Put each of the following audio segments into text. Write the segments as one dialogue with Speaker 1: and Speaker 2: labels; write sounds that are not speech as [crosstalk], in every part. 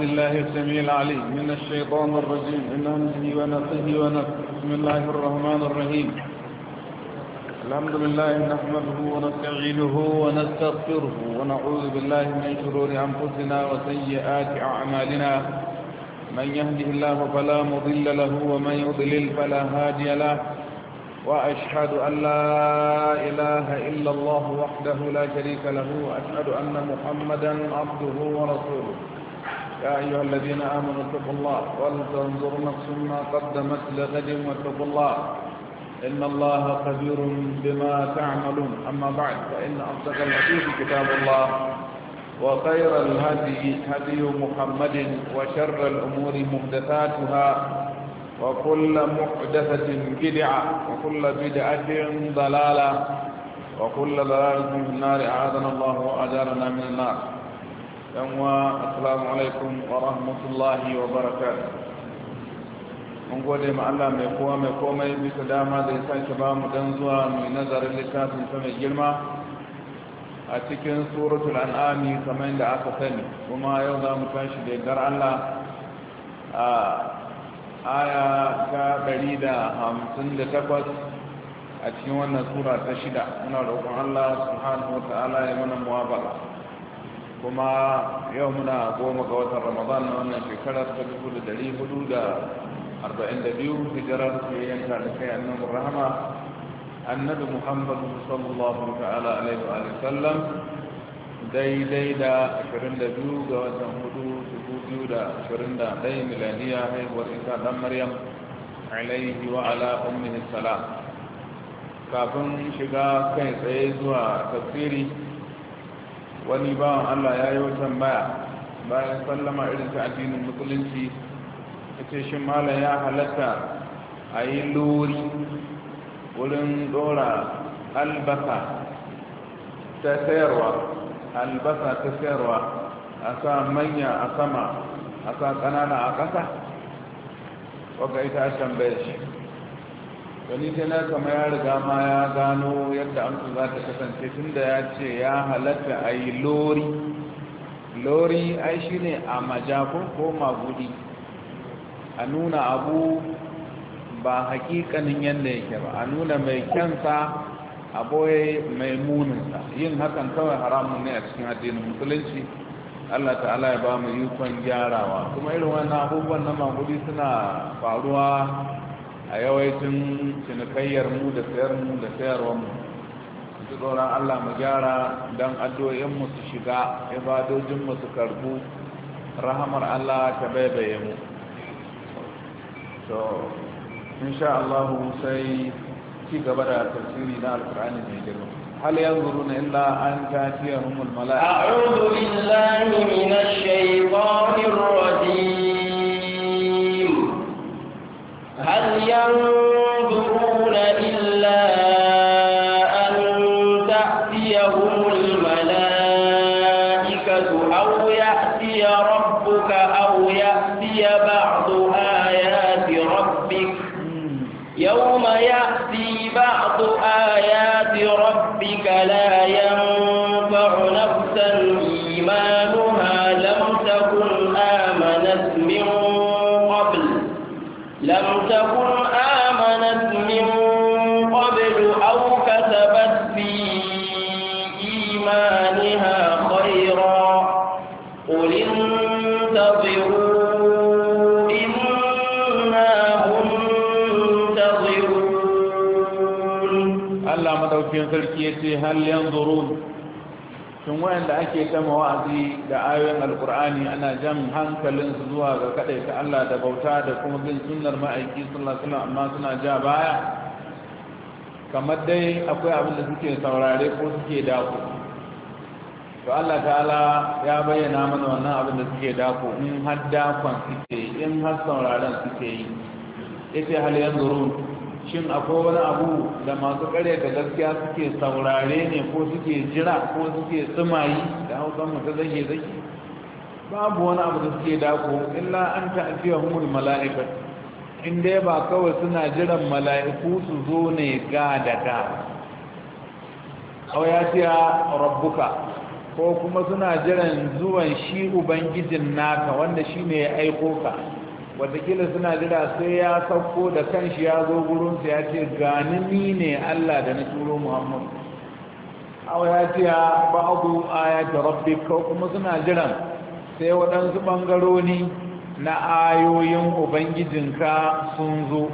Speaker 1: بالله السميع العليم من الشيطان الرجيم من همزه ونفسه ونفسه بسم الله الرحمن الرحيم الحمد لله نحمده ونستعينه ونستغفره ونعوذ بالله من شرور أنفسنا وسيئات أعمالنا من يهده الله فلا مضل له ومن يضلل فلا هادي له وأشهد أن لا إله إلا الله وحده لا شريك له وأشهد أن محمدا عبده ورسوله يا أيها الذين آمنوا اتقوا الله ولتنظر نفس ما قدمت لغد واتقوا الله إن الله خبير بما تعملون أما بعد فإن أصدق الحديث كتاب الله وخير الهدي هدي محمد وشر الأمور محدثاتها وكل محدثة بدعة وكل بدعة ضلالة وكل ضلالة في النار أعاذنا الله وأجارنا من النار yanwa assalamu alaikum wa rahmatullahi wa barakatuh mun gode ma Allah mai kowa mai komai bisa dama da ya sake ba mu dan zuwa mai nazarin littafin ta mai girma a cikin suratul an'ami kamar da aka sani kuma yau za mu tashi da yardar Allah a aya ta takwas a cikin wannan sura ta shida muna roƙon Allah subhanahu wa ta'ala ya mana muwafaka kuma yau muna goma ga watan ramadan na wannan shekarar ta dubu da dari hudu da arba'in da biyu hijirar ke yanka da kai annabi rahama annabi muhammad sallallahu ta'ala alaihi wa sallam daidai da ashirin da biyu ga watan hudu dubu biyu da ashirin da ɗaya milaniya haihuwar isa Dan maryam alaihi wa ala ummihi salam kafin shiga kai tsaye zuwa tafsiri wani bawan allah ya yi wata baya bayan sallama irin ta addinin musulunci ya ce shi malam ya halatta a yi lori wurin dora albasa ta sayarwa albasa ta sayarwa a sa manya a sama a sa kanana a ƙasa waka ita a tambayar shi wani tana kama ya riga ma ya gano yadda amsa za ta kasance tun da ya ce ya halatta a yi lori lori ai shi ne a majafin ko magudi a nuna abu ba hakikanin yadda yake ba a nuna mai kyansa a boye mai muninsa yin hakan kawai haramun ne a cikin addinin musulunci allah ta'ala ya ba mu kwan gyarawa kuma irin wannan abubuwan na magudi suna faruwa a yawancin cinikayyar mu da sayarmu da sayarwar mu su tsoron Allah mu gyara don addu'o'in mu su shiga ibadojin mu su karbu rahamar Allah ta baibaye mu to Allah sai ci gaba da tafsiri na alkur'ani mai girma na ينظرون إلا أن تأتيهم الملائكة أعوذ بالله من الشيطان
Speaker 2: الرجيم هل ينظر
Speaker 1: ya ce hal yanzurun shin wayanda ake ta wa'azi da ayoyin alkur'ani ana jan hankalin su zuwa ga kadai ta Allah da bauta da kuma bin sunnar ma'aiki sallallahu alaihi wasallam amma suna ja baya kamar dai akwai abin da suke saurare ko suke dako to Allah ta'ala ya bayyana mana wannan abin da suke dako in har dakon suke in har sauraren suke yi yace hal yanzurun shin akwai wani abu da masu kare da gaskiya suke saurare ne ko suke jira ko suke tsumayi da hausan mutu zage zage babu wani abu da suke dako illa an afiya humul mala'ika in dai ba kawai suna jiran mala'iku su zo ne ga da ga aw ya tiya rabbuka ko kuma suna jiran zuwan shi ubangijin naka wanda shi ne ya aiko ka watakila suna jira sai ya sauko da kanshi ya zo gurinsu ya ce gani ni ne Allah da na turo Muhammadu awa ya ce ya ba abu ayata rabbi ko kuma suna jiran sai waɗansu ɓangaroni na ayoyin ubangijinka sun zo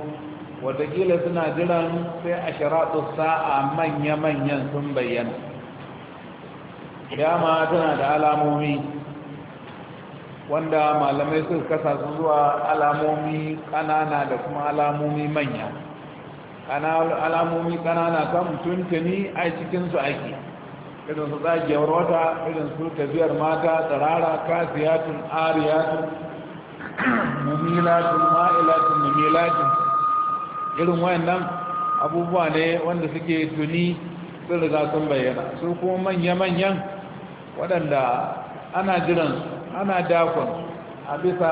Speaker 1: watakila suna jiran sai a sharaɗu sa'a manya-manyan sun bayyana dama tana da alamomi wanda malamai suka kasa su zuwa alamomi kanana da kuma alamomi manya alamomi kanana kan tuntuni a cikinsu ake irin su tsagiyar wata irin su tafiyar mata tsarara kasiyatun ariyatun [clears throat] mumilatun ma'ilatun mumilatun irin wayannan abubuwa ne wanda suke tuni sun riga sun bayyana su kuma manya-manyan waɗanda ana jiransu ana dakon a bisa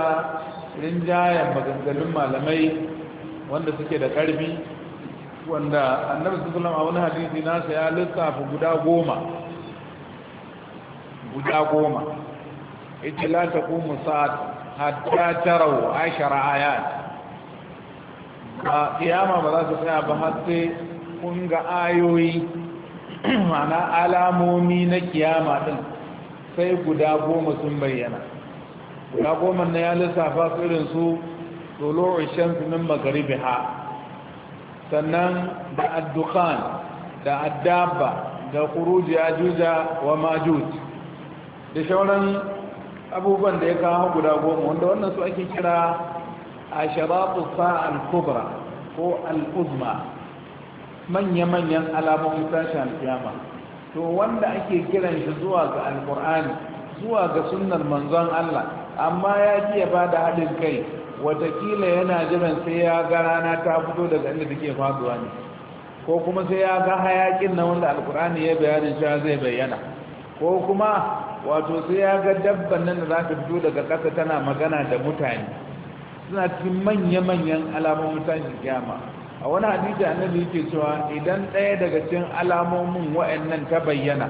Speaker 1: rinjayen maganganun malamai wanda suke da ƙarfi wanda annabi sallallahu a wani hadisi nasa ya lissafa guda goma guda goma ita la taqumu sa'at hatta taraw ashara ayat ba kiyama ba za ta tsaya ba har sai kun ga ayoyi [clears throat] ma'ana alamomi na kiyama din sai guda goma sun bayyana guda goma na ya lissafa su irin su tulu'u shamsi min ha sannan da addukan da addaba da kuruji juja wa majuj da shauran abubuwan da ya kawo guda goma wanda wannan su ake kira a sharatu sa'al kubra ko al-uzma manya-manyan alamomin sashen alkiyama to wanda ake kiran shi zuwa ga alkur'ani zuwa ga sunnar manzon Allah amma ya ji ya bada haɗin kai watakila yana jiran sai ya ga rana ta fito daga inda take faduwa ne ko kuma sai ya ga hayakin na wanda alkur'ani ya bayanin shi zai bayyana ko kuma wato sai ya ga dabban nan da za ta fito daga ƙasa tana magana da mutane suna cikin manya-manyan alamomin tashin kiyama a wani hadisi annabi yake cewa idan ɗaya daga cikin alamomin wa'annan ta bayyana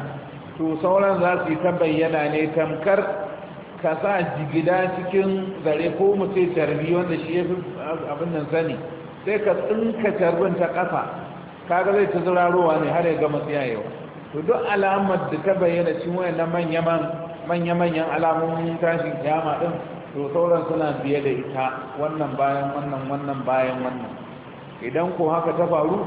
Speaker 1: to sauran za su yi ta bayyana ne tamkar ka sa jigida cikin zare ko mu ce tarbi wanda shi ya fi abin nan sani sai ka tsinka tarbin ta ƙasa kaga zai ta zurarowa ne har ya gama tsayayewa to duk alamar da ta bayyana cikin wa'annan manya-manyan alamomin tashin kiyama din to sauran suna biye da ita wannan bayan wannan wannan bayan wannan idan ko haka ta faru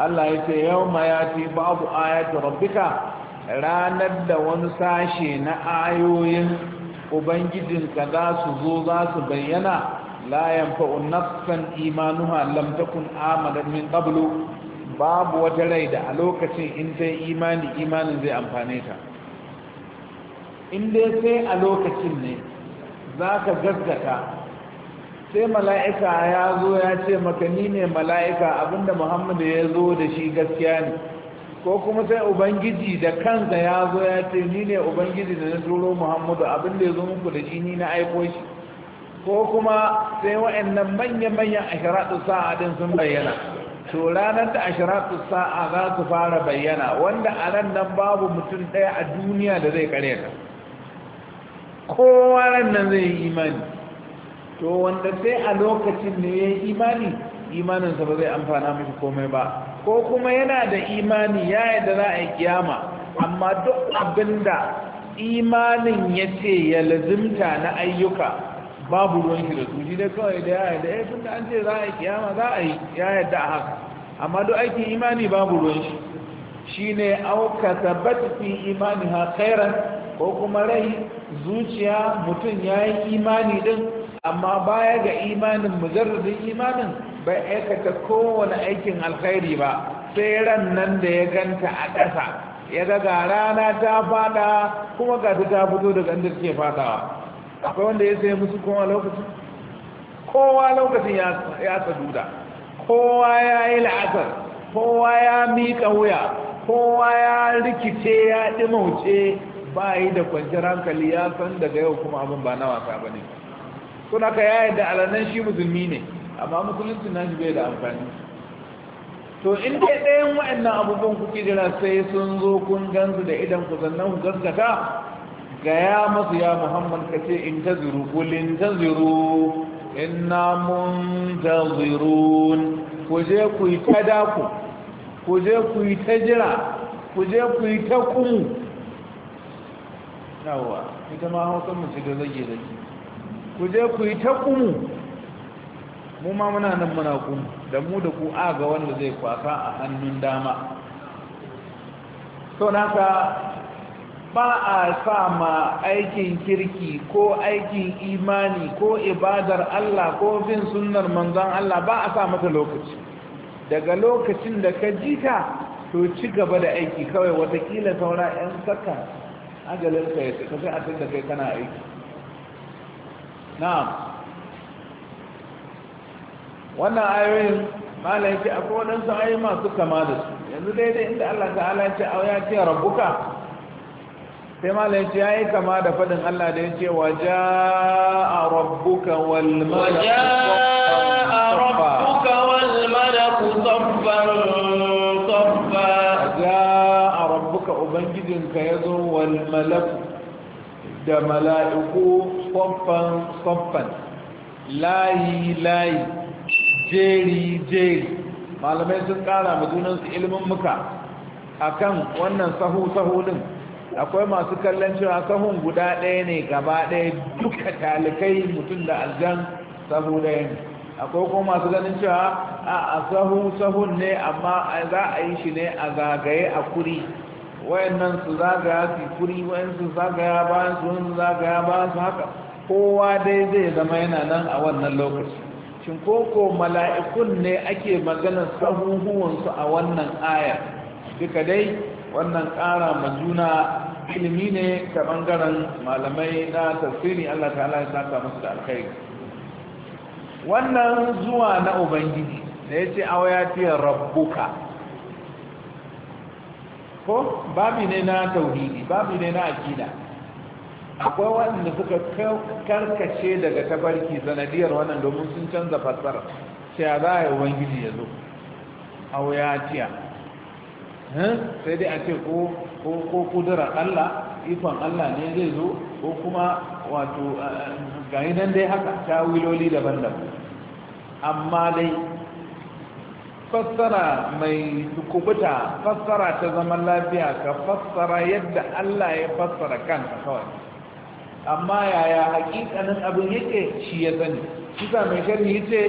Speaker 1: Allah ya ce yau ma ya ce babu ayatu rabbika ranar da wani sashe na ayoyin ubangijinka za su zo za su bayyana la yanfa'u nafsan imanuha lam takun min qablu babu wata rai da a lokacin in ta imani imanin zai amfane ta in dai sai a lokacin ne za ka gaskata sai mala'ika ya zo ya ce maka ni ne mala'ika abinda muhammadu ya zo da shi gaskiya ne ko kuma sai ubangiji da kansa ya zo ya ce ni ne ubangiji da na turo muhammadu abinda ya zo muku da shi ni na aiko shi ko kuma sai wa'annan manya-manyan ashiratu sa'a din sun bayyana to ranar da ashiratu sa'a za su fara bayyana wanda a nan nan babu mutum ɗaya a duniya da zai kare ka kowa ran nan zai yi imani to wanda sai a lokacin ne ya yi imani imaninsa ba zai amfana miki komai ba ko kuma yana da imani ya yadda za a yi kiyama amma duk abin da imanin ya ce ya lazimta na ayyuka babu ruwan shi da tuji dai kawai da ya yadda ya eh, tun da an ce za a yi kiyama za a yi ya yadda a haka amma duk aikin imani babu ruwan shi shi ne auka tabbat fi imani ha khairan ko kuma rai zuciya mutum ya yi imani din amma baya ga imanin mujarrabin imanin bai aikata kowane aikin alkhairi ba sai ran nan da ya ganta a ƙasa ya ga ga rana ta fada kuma ga ta ta fito daga inda take fadawa akwai wanda ya sai musu kowa lokacin kowa lokacin ya saduda kowa ya yi la'asar kowa ya miƙa wuya kowa ya rikice ya ɗimauce ba yi da kwanciyar hankali ya san daga yau kuma abin ba na wasa ba ne sun aka yaya da alanan shi musulmi ne amma musulunci na shi bai da amfani to in dai ɗayan wa'annan abubuwan kuke jira sai sun zo kun gansu da idan ku sannan ku gaskata gaya masu ya muhammad ka ce in ta ziru kulin ta ziru inna mun ta zirun ku je ku yi ta daku ku je ku yi ta jira ku je ku yi ta kumu yawa ita ma hausa mace da zage zage ku je ku yi ta kumu mu ma muna nan muna kumu da mu da ku a ga wanda zai kwasa a hannun dama na naka ba a sa ma aikin kirki ko aikin imani ko ibadar Allah ko bin sunnar manzon Allah ba a sa mata lokaci daga lokacin da ka ji ka to ci gaba da aiki kawai watakila saura 'yan saka agalinka ya sai a tun da kai kana aiki na'am wannan ayoyin malam yake akwai waɗansu ayi masu kama da su yanzu daidai inda Allah ta'ala ya ce ya ce rabbuka sai malai ya yayi kama da faɗin Allah da ya ce wa jaa
Speaker 2: rabbuka wal malaku wal malaku saffan saffa jaa rabbuka ubangijinka
Speaker 1: yazo wal malaku da mala'iku صفا صفا layi layi جيري جيري malamai sun kara su ilimin muka akan wannan sahu sahu din akwai masu kallon cewa sahun guda ɗaya ne gaba ɗaya duka talikai mutum da aljan sahu ɗaya ne akwai kuma masu ganin cewa a sahu sahun ne amma za a yi shi ne a zagaye a kuri wayannan su zagaya su kuri wayan zagaya bayan su wani zagaya bayan su haka kowa dai zai zama yana nan a wannan lokaci shin koko mala'ikun ne ake maganar sahuhuwansu a wannan aya? duka dai wannan ƙara ma juna ilimi ne ta bangaren malamai na tafsiri Allah ta'ala ya saka musu da alkhairi wannan zuwa na ubangiji da ya ce awayatiyar rabbuka ko babi ne na tauhidi babi ne na akida akwai waɗanda suka karkace daga tabarki sanadiyar wannan domin sun canza fassara a za a yi ubangiji ya zo a wuyatiya sai dai a ce ko kudura allah ikon allah ne zai zo ko kuma wato eh, yi nan dai haka ta wiloli daban-daban amma dai fassara mai kubuta fassara ta zaman lafiya ka fassara yadda Allah ya fassara kanka kawai amma yaya hakikanin abin yake shi ya sani kisa mai sharhi ce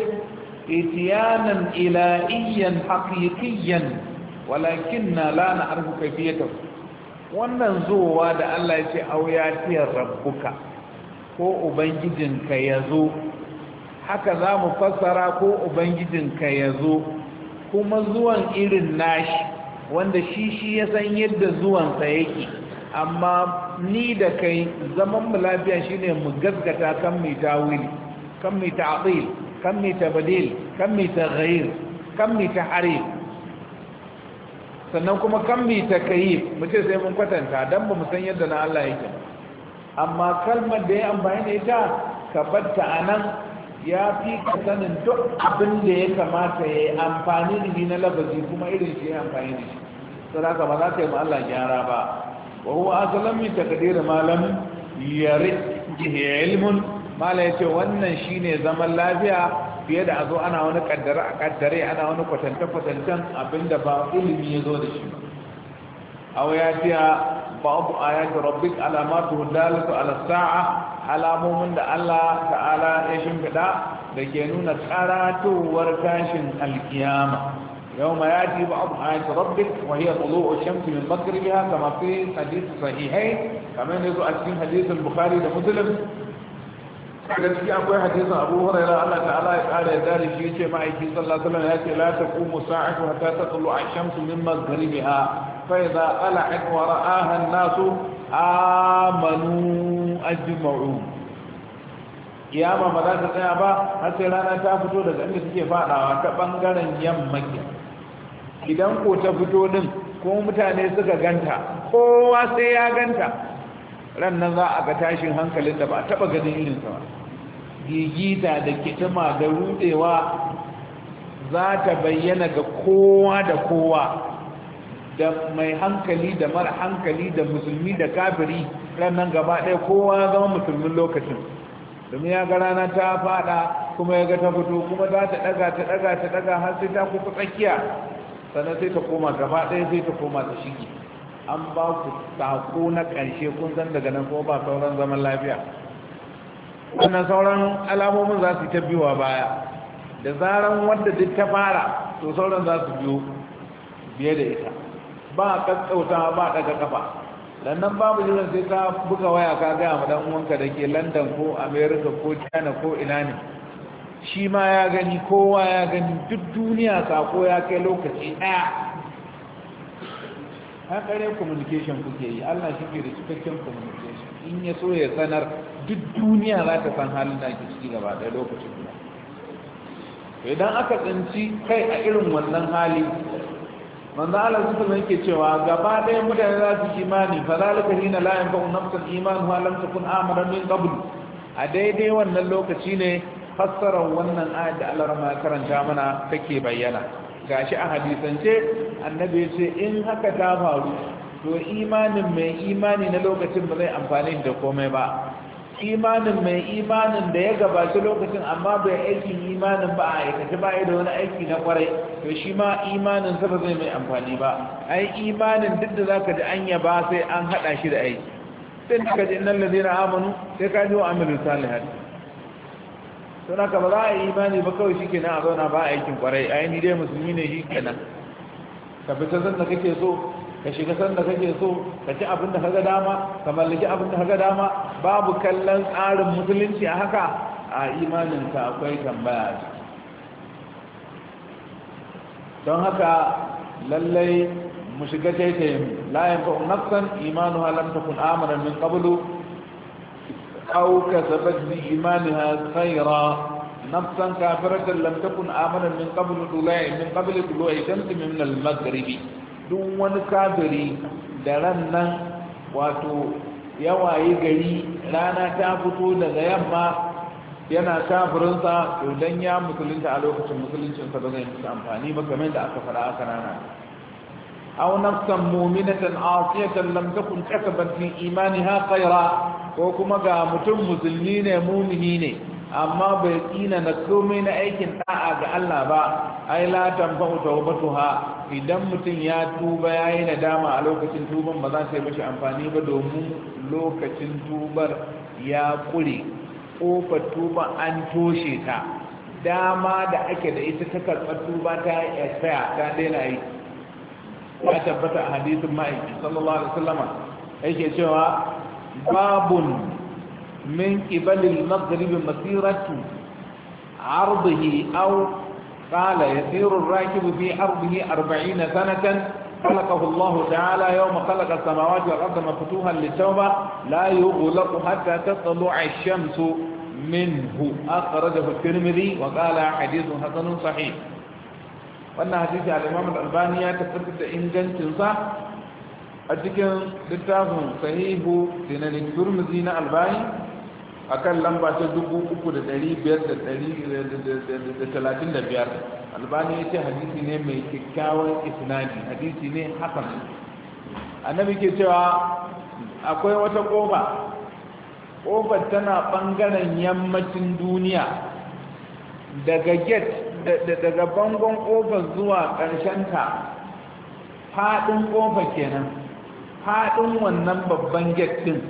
Speaker 1: itiyanan ilahiyan haqiqiyan walakinna la na'rifu kayfiyatahu wannan zuwa da Allah ya ce auyatiyar rabbuka ko ubangijinka zo? haka za mu fassara ko ubangijinka zo? kuma zuwan irin nashi wanda shi shi ya san yadda zuwansa yake amma ni da kai zaman mu lafiya shine mu gaskata kan mai tawili kan mai ta'dil kan mai tabdil kan mai taghayir kan mai tahrir sannan kuma kan mai takyif mu ce sai mun kwatanta dan ba mu san yadda na Allah yake amma kalmar da ya ambaye ne ita ka anan ya fi ka sanin duk abin da ya kamata ya yi amfani da ni na labazi kuma irin shi ya amfani da shi sadaka ba za ka yi ma Allah gyara ba wa huwa asalan min takdir malam yari bihi ilmun mala yace wannan shine zaman lafiya fiye da azo ana wani kaddare a kaddare ana wani kwatanta kwatantan abinda ba ilimi ya zo da shi ba aw ya tiya بعض آيات ربك علامات دالة على الساعة alamomin da Allah ta'ala ya shimfiɗa da ke nuna tsaratowar tashin alkiyama yau ma ya ji ba'abu ayatu rabbik wa hiya tulu'u shamsi min maghribiha kama fi hadith sahihai kamar yanzu a cikin hadith al da muslim daga ciki akwai hadisin abu huraira Allah ta'ala ya kare ya dare shi yace ma'aiki sallallahu alaihi wasallam yace la taqumu sa'atu hatta taqulu ash-shamsu min maghribiha fa idha qala'at wa ra'aha an-nasu amanu ajma'u kiyama ba za ta tsaya ba har sai rana ta fito daga inda suke fadawa ta bangaren yamma idan ko ta fito din ko mutane suka ganta kowa sai ya ganta ran nan za a ga tashin hankalin da ba a taba ganin irinsa ba gigita da kitima da rudewa za ta bayyana ga kowa da kowa da mai hankali da mara hankali da musulmi da kafiri ranar gaba ɗaya kowa zama musulmin lokacin domin ya ga rana ta fada kuma ya ga ta fito kuma za ta ɗaga ta ɗaga ta ɗaga har sai ta kuka tsakiya sannan sai ta koma gaba ɗaya sai ta koma ta shige an ba ku sako na ƙarshe kun zan daga nan kuma ba sauran zaman lafiya wannan sauran alamomin za su ta biyuwa baya da zaran wadda duk ta fara to sauran za su biyo biye da ita ba a kakkauta ba a daga kafa lannan babu jiran sai ta buga waya ka gaya ma dan uwanka da ke london ko america ko china ko ina ne shi ma ya gani kowa ya gani duk duniya sako ya kai lokaci daya hankali communication kuke yi allah shi ke da cikakken communication in ya so ya sanar duk duniya za ta san halin da ake ciki gaba da lokacin guda idan aka tsinci kai a irin wannan hali manzo Allah su yake cewa gaba ɗaya mutane za su imani fa zalika hina la yanfa'u nafsan iman wa lam takun amara min qabl a daidai wannan lokaci ne fassarar wannan ayat da Allah rama karanta mana take bayyana gashi a hadisance annabi ce in haka ta faru to imanin mai imani na lokacin ba zai amfani da komai ba imanin mai imanin da ya gabata lokacin amma bai aikin imanin ba a aikace ba da wani aiki na kwarai to shi ma imanin sa ba zai mai amfani ba ai imanin duk da zaka ji anya ba sai an hada shi da aiki sai ka ji innal ladina amanu sai ka ji wa amilu salihat to naka ba za a yi imani ba kawai na a zauna ba aikin kwarai ai ni dai musulmi ne shikenan ka bi ta zan da kake so ka shiga sanda kake so ka ci abin da kaga dama ka mallaki abin da kaga dama babu kallon tsarin musulunci a haka a imanin ka akwai tambaya don haka lallai mu shiga taitayin la yanfa'u nafsan imanuha lam takun amanan min qablu aw kasabat bi imaniha khayra kafiratan lam takun تكن min qablu قبل min qablu قبل طلوع min al maghribi duk wani kafiri da ran nan wato yawaye gari rana ta fito daga yamma yana kafirinsa to dan ya musulunta a lokacin musuluncinsa ba zai musu amfani ba kamar da aka fara aka rana aw nafsan mu'minatan asiyatan lam takun kasabat min imaniha khaira ko kuma ga mutum musulmi ne mumini ne amma bai tsina na komai na aikin da'a ga Allah ba ai la tanfa'u tawbatuha idan mutum ya tuba yayi nadama a lokacin tuban ba za ta yi mishi amfani ba domin lokacin tubar ya kure kofar tuba an toshe ta dama da ake da ita ta karɓar tuba ta tsaya ta daina yi ya tabbata a hadisin ma'aiki sallallahu alaihi wasallama yake cewa babun من قبل المغرب مسيرة عرضه أو قال يسير الراكب في عرضه أربعين سنة خلقه الله تعالى يوم خلق السماوات والأرض مفتوحا للتوبة لا يغلق حتى تطلع الشمس منه أخرجه الترمذي وقال حديث حسن صحيح وأن حديث الإمام الألباني إن جنت صح أتكلم كتاب صحيح سنن الترمذي الألباني a kan lamba ta dubu uku da dari biyar da dari da talatin da biyar albani ya ce hadisi ne mai kyakkyawan isnadi hadisi ne hasan annabi ke cewa akwai wata ƙofa ƙofar tana ɓangaren yammacin duniya daga get daga bangon ƙofar zuwa ta, faɗin ƙofa kenan faɗin wannan babban get ɗin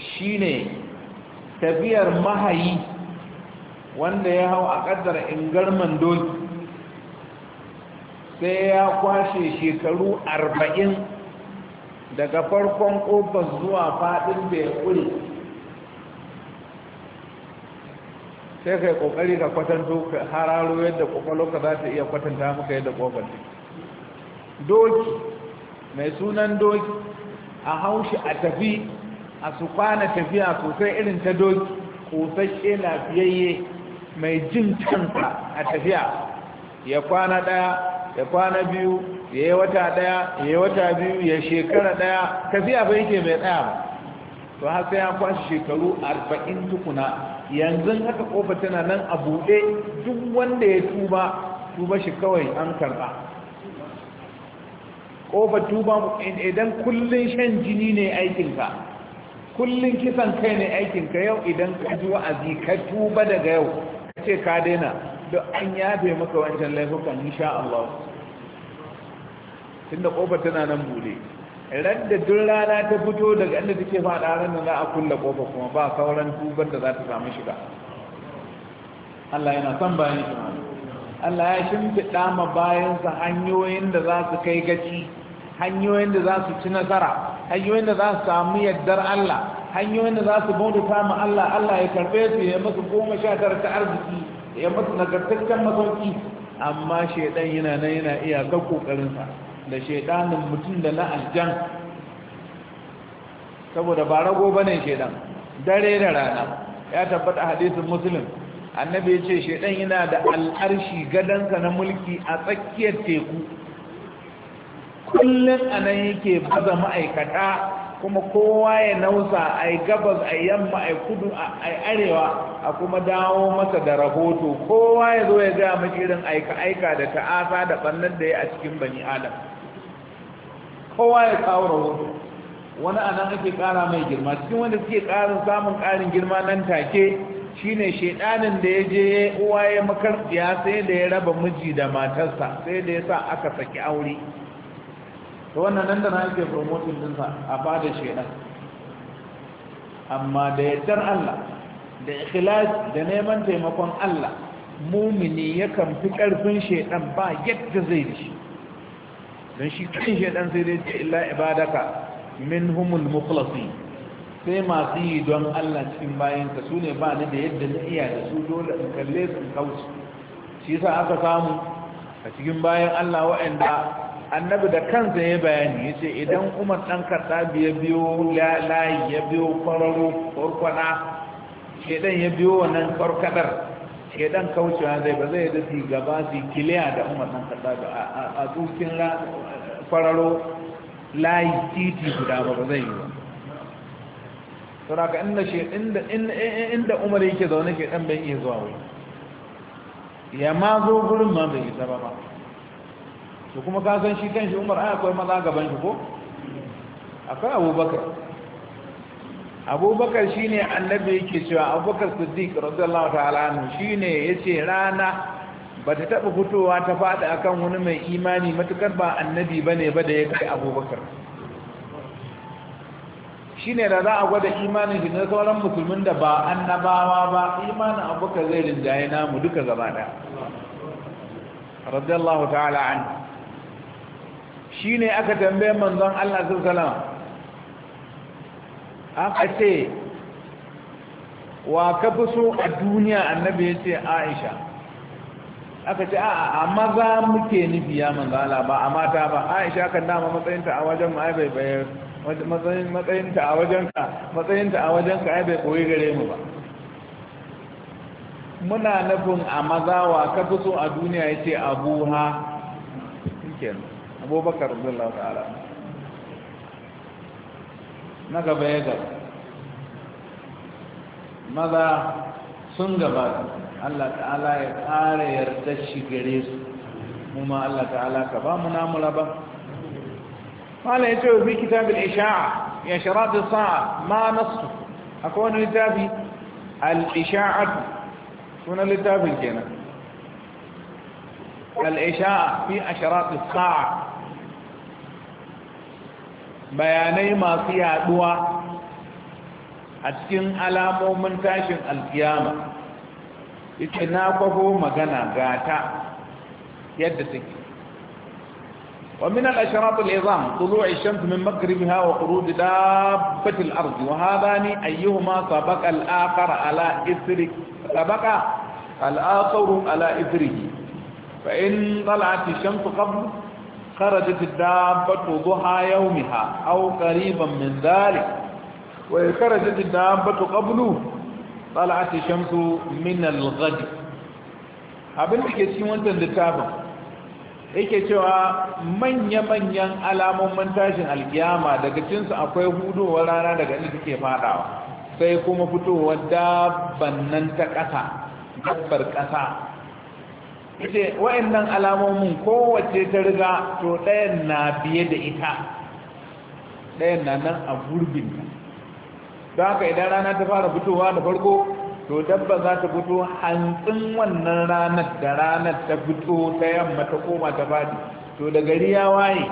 Speaker 1: shine tafiyar mahayi wanda ya hau a ƙaddar ingarman doki sai ya kwashe shekaru arba'in daga farkon ƙofar zuwa faɗin da ya ƙuri sai kai ƙoƙari ka kwatanto ka hararo yadda ƙwaƙwalwarka za ta iya kwatanta maka yadda ƙofar doki mai sunan doki a haushi a tafi a su kwana tafiya sosai irin ta doki kosashe lafiyayye mai jin kansa a tafiya ya kwana daya ya kwana biyu ya yi wata daya ya yi wata biyu ya shekara daya tafiya bai ke mai daya ba to har sai ya kwashi shekaru arba'in tukuna yanzu haka kofa tana nan a buɗe duk wanda ya tuba tuba shi kawai an karɓa kofa tuba idan kullum shan jini ne aikinka kullum kisan kai ne aikin ka yau idan ka ji wa'azi ka tuba daga yau ka ce ka daina duk an yafe maka wancan laifukan insha Allah tunda kofar tana nan bude ran da duk rana ta fito daga inda take faɗa ran da za a kulle kofar kuma ba sauran tubar da za ta samu shiga Allah yana son bayan Allah ya shimfiɗa ma bayansa hanyoyin da za su kai gaci hanyoyin da za su ci nasara hanyoyin da za su samu yaddar Allah hanyoyin da za su bauta ma Allah Allah ya karbe su ya masu goma sha tara ta arziki ya masu nagartaccen masauki amma shaidan yana nan yana iya ga sa da shaidanin mutum da na aljan saboda ba rago bane shaidan dare da rana ya tabbata hadisin muslim annabi ya ce shaidan yana da al'arshi gadansa na mulki a tsakiyar teku kullum a nan yake baza ma'aikata kuma kowa ya nausa a yi gabas a yamma a kudu a arewa a kuma dawo masa da rahoto kowa ya zo ya gaya irin aika-aika da ta'asa da ɓannan da ya a cikin bani adam kowa ya kawo rahoto wani a nan ake ƙara mai girma cikin wanda suke ƙarin samun ƙarin girma nan take shine shaidanin da ya je uwa ya sai da ya raba miji da matarsa sai da ya sa aka saki aure to wannan nan da na ake promotin dinsa a bada shaidan amma da yardar Allah da ikhlas da neman taimakon Allah mumini yakan fi karfin shaidan ba yadda zai da don shi kan shaidan sai dai ce illa ibadaka humul mukhlasin sai masu yi don Allah cikin bayanka su ne ba ni da yadda na iya da su dole in kalle su kauce shi yasa aka samu a cikin bayan Allah waɗanda annabi da kansa ya bayani ya ce idan umar ɗan karɗabi ya biyo layi ya biyo kwararo kwarkwana shaidan ya biyo wannan kwarkwadar shaidan kaucewa zai ba zai da su gaba su kiliya da umar ɗan karɗabi a tsukin kwararo layi titi guda ba ba zai yi ba sauraka inda umar yake zaune shaidan bai iya zuwa wai ya ma zo gurin ma bai isa ba ba to kuma ka san shi kan shi umar ai akwai maza gaban shi ko akwai abubakar abubakar shi ne annabi yake cewa abubakar siddiq radiyallahu ta'ala anhu shi ne ya ce rana ba ta taɓa fitowa ta faɗi akan wani mai imani matukar ba annabi ba ne ba da ya kai abubakar shi ne da za a gwada imanin shi na sauran musulmin da ba annabawa ba imanin abubakar zai rinjaye namu duka gaba ɗaya radiyallahu ta'ala anhu shi ne aka tambaye manzon Allah sallama aka ce wa ka fi so a duniya annabi ya ce aisha aka ce a maza muke nufi ya manzon Allah ba a mata ba aisha kan dama matsayinta a wajen ma'aibai bayar matsayinta a wajenka matsayinta a wajenka ai bai koyi gare mu ba muna nufin a maza wa ka fi so a duniya ya ce abuha kenan abubakar radiyallahu ta'ala na gaba ya gaba maza sun gaba Allah ta'ala ya ƙara yarda shi gare su mu ma Allah ta'ala ka ba mu namu laban قال يجوز في كتاب الإشاعة إشارات الساعة ما نصه أكون لتابي الإشاعة هنا لتابي كنا الإشاعة في أشرات الساعة bayanai masu yaduwa a cikin alamomin tashin alkiyama yake na kwafo magana gata yadda take ومن الأشراط العظام طلوع الشمس من مغربها وخروج دابة الأرض وهذان أيهما سبق الآخر على إثر سبق الآخر على إثره فإن طلعت الشمس قبل خرجت الدابة ضحى يومها أو قريبا من ذلك وإن خرجت الدابة قبله طلعت الشمس من الغد abin da ke cikin wancan littafin yake cewa manya-manyan alamomin tashin alkiyama daga cinsu akwai hudowar rana daga inda suke fadawa sai kuma fitowar dabban nan ta ƙasa dabbar ƙasa yace wa'annan alamomin kowace ta riga to ɗayan na biye da ita ɗayan na nan a gurbin ta don haka idan rana ta fara fitowa da farko to dabba za ta fito hantsin wannan ranar da ranar ta fito ta yamma ta koma ta fadi to da gari ya waye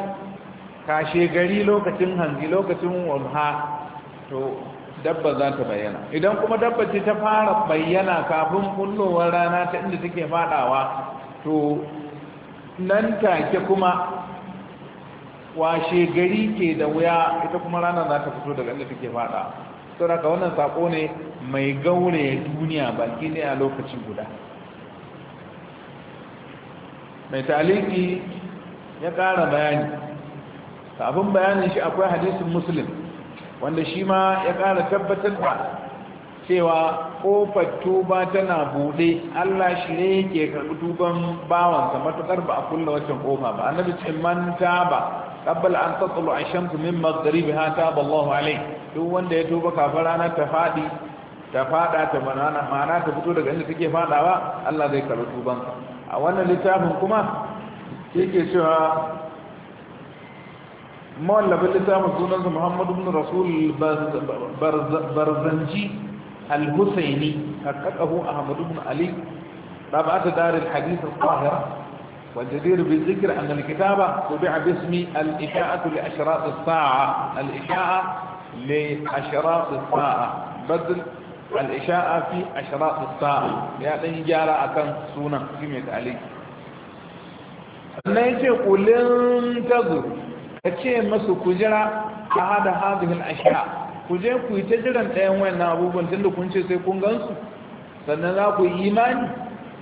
Speaker 1: kashe gari lokacin hanzi lokacin walha to dabba za ta bayyana idan kuma dabba ce ta fara bayyana kafin kullowar rana ta inda take fadawa to nan take kuma washe gari ke da wuya ita kuma ranar za ta fito daga inda take fada sau da wannan sako ne mai gaure duniya baki ne a lokacin guda mai taliki ya ƙara bayani kafin bayanin shi akwai hadisin muslim wanda shi ma ya kara tabbatar da cewa kofar tuba tana buɗe Allah shi ne yake karɓi tuban bawansa matuƙar ba a kulla waccan kofa ba annabi ce man taba qabbal an tatlu ash-shamsu min ha taba Allahu alayhi duk wanda ya tuba kafin ranar ta faɗi ta faɗa ta manana ma'ana ta fito daga inda take faɗawa Allah zai karɓi tuban a wannan littafin kuma yake cewa mawallafin littafin sunansa Muhammadu ibn Rasul Barzanji الحسيني كتبه أحمد بن علي طبعة دار الحديث القاهرة والجدير بالذكر أن الكتابة طبع باسم الإشاعة لأشراط الساعة الإشاعة لأشراط الساعة بدل الإشاعة في أشراط الساعة يعني جارة أكن سونا كمية علي أنا يتي قل انتظر أتي مسو جرى هذا هذه الأشياء ku je ku yi ta jiran ɗayan wannan abubuwan tun da kun ce sai kun gansu sannan za ku yi imani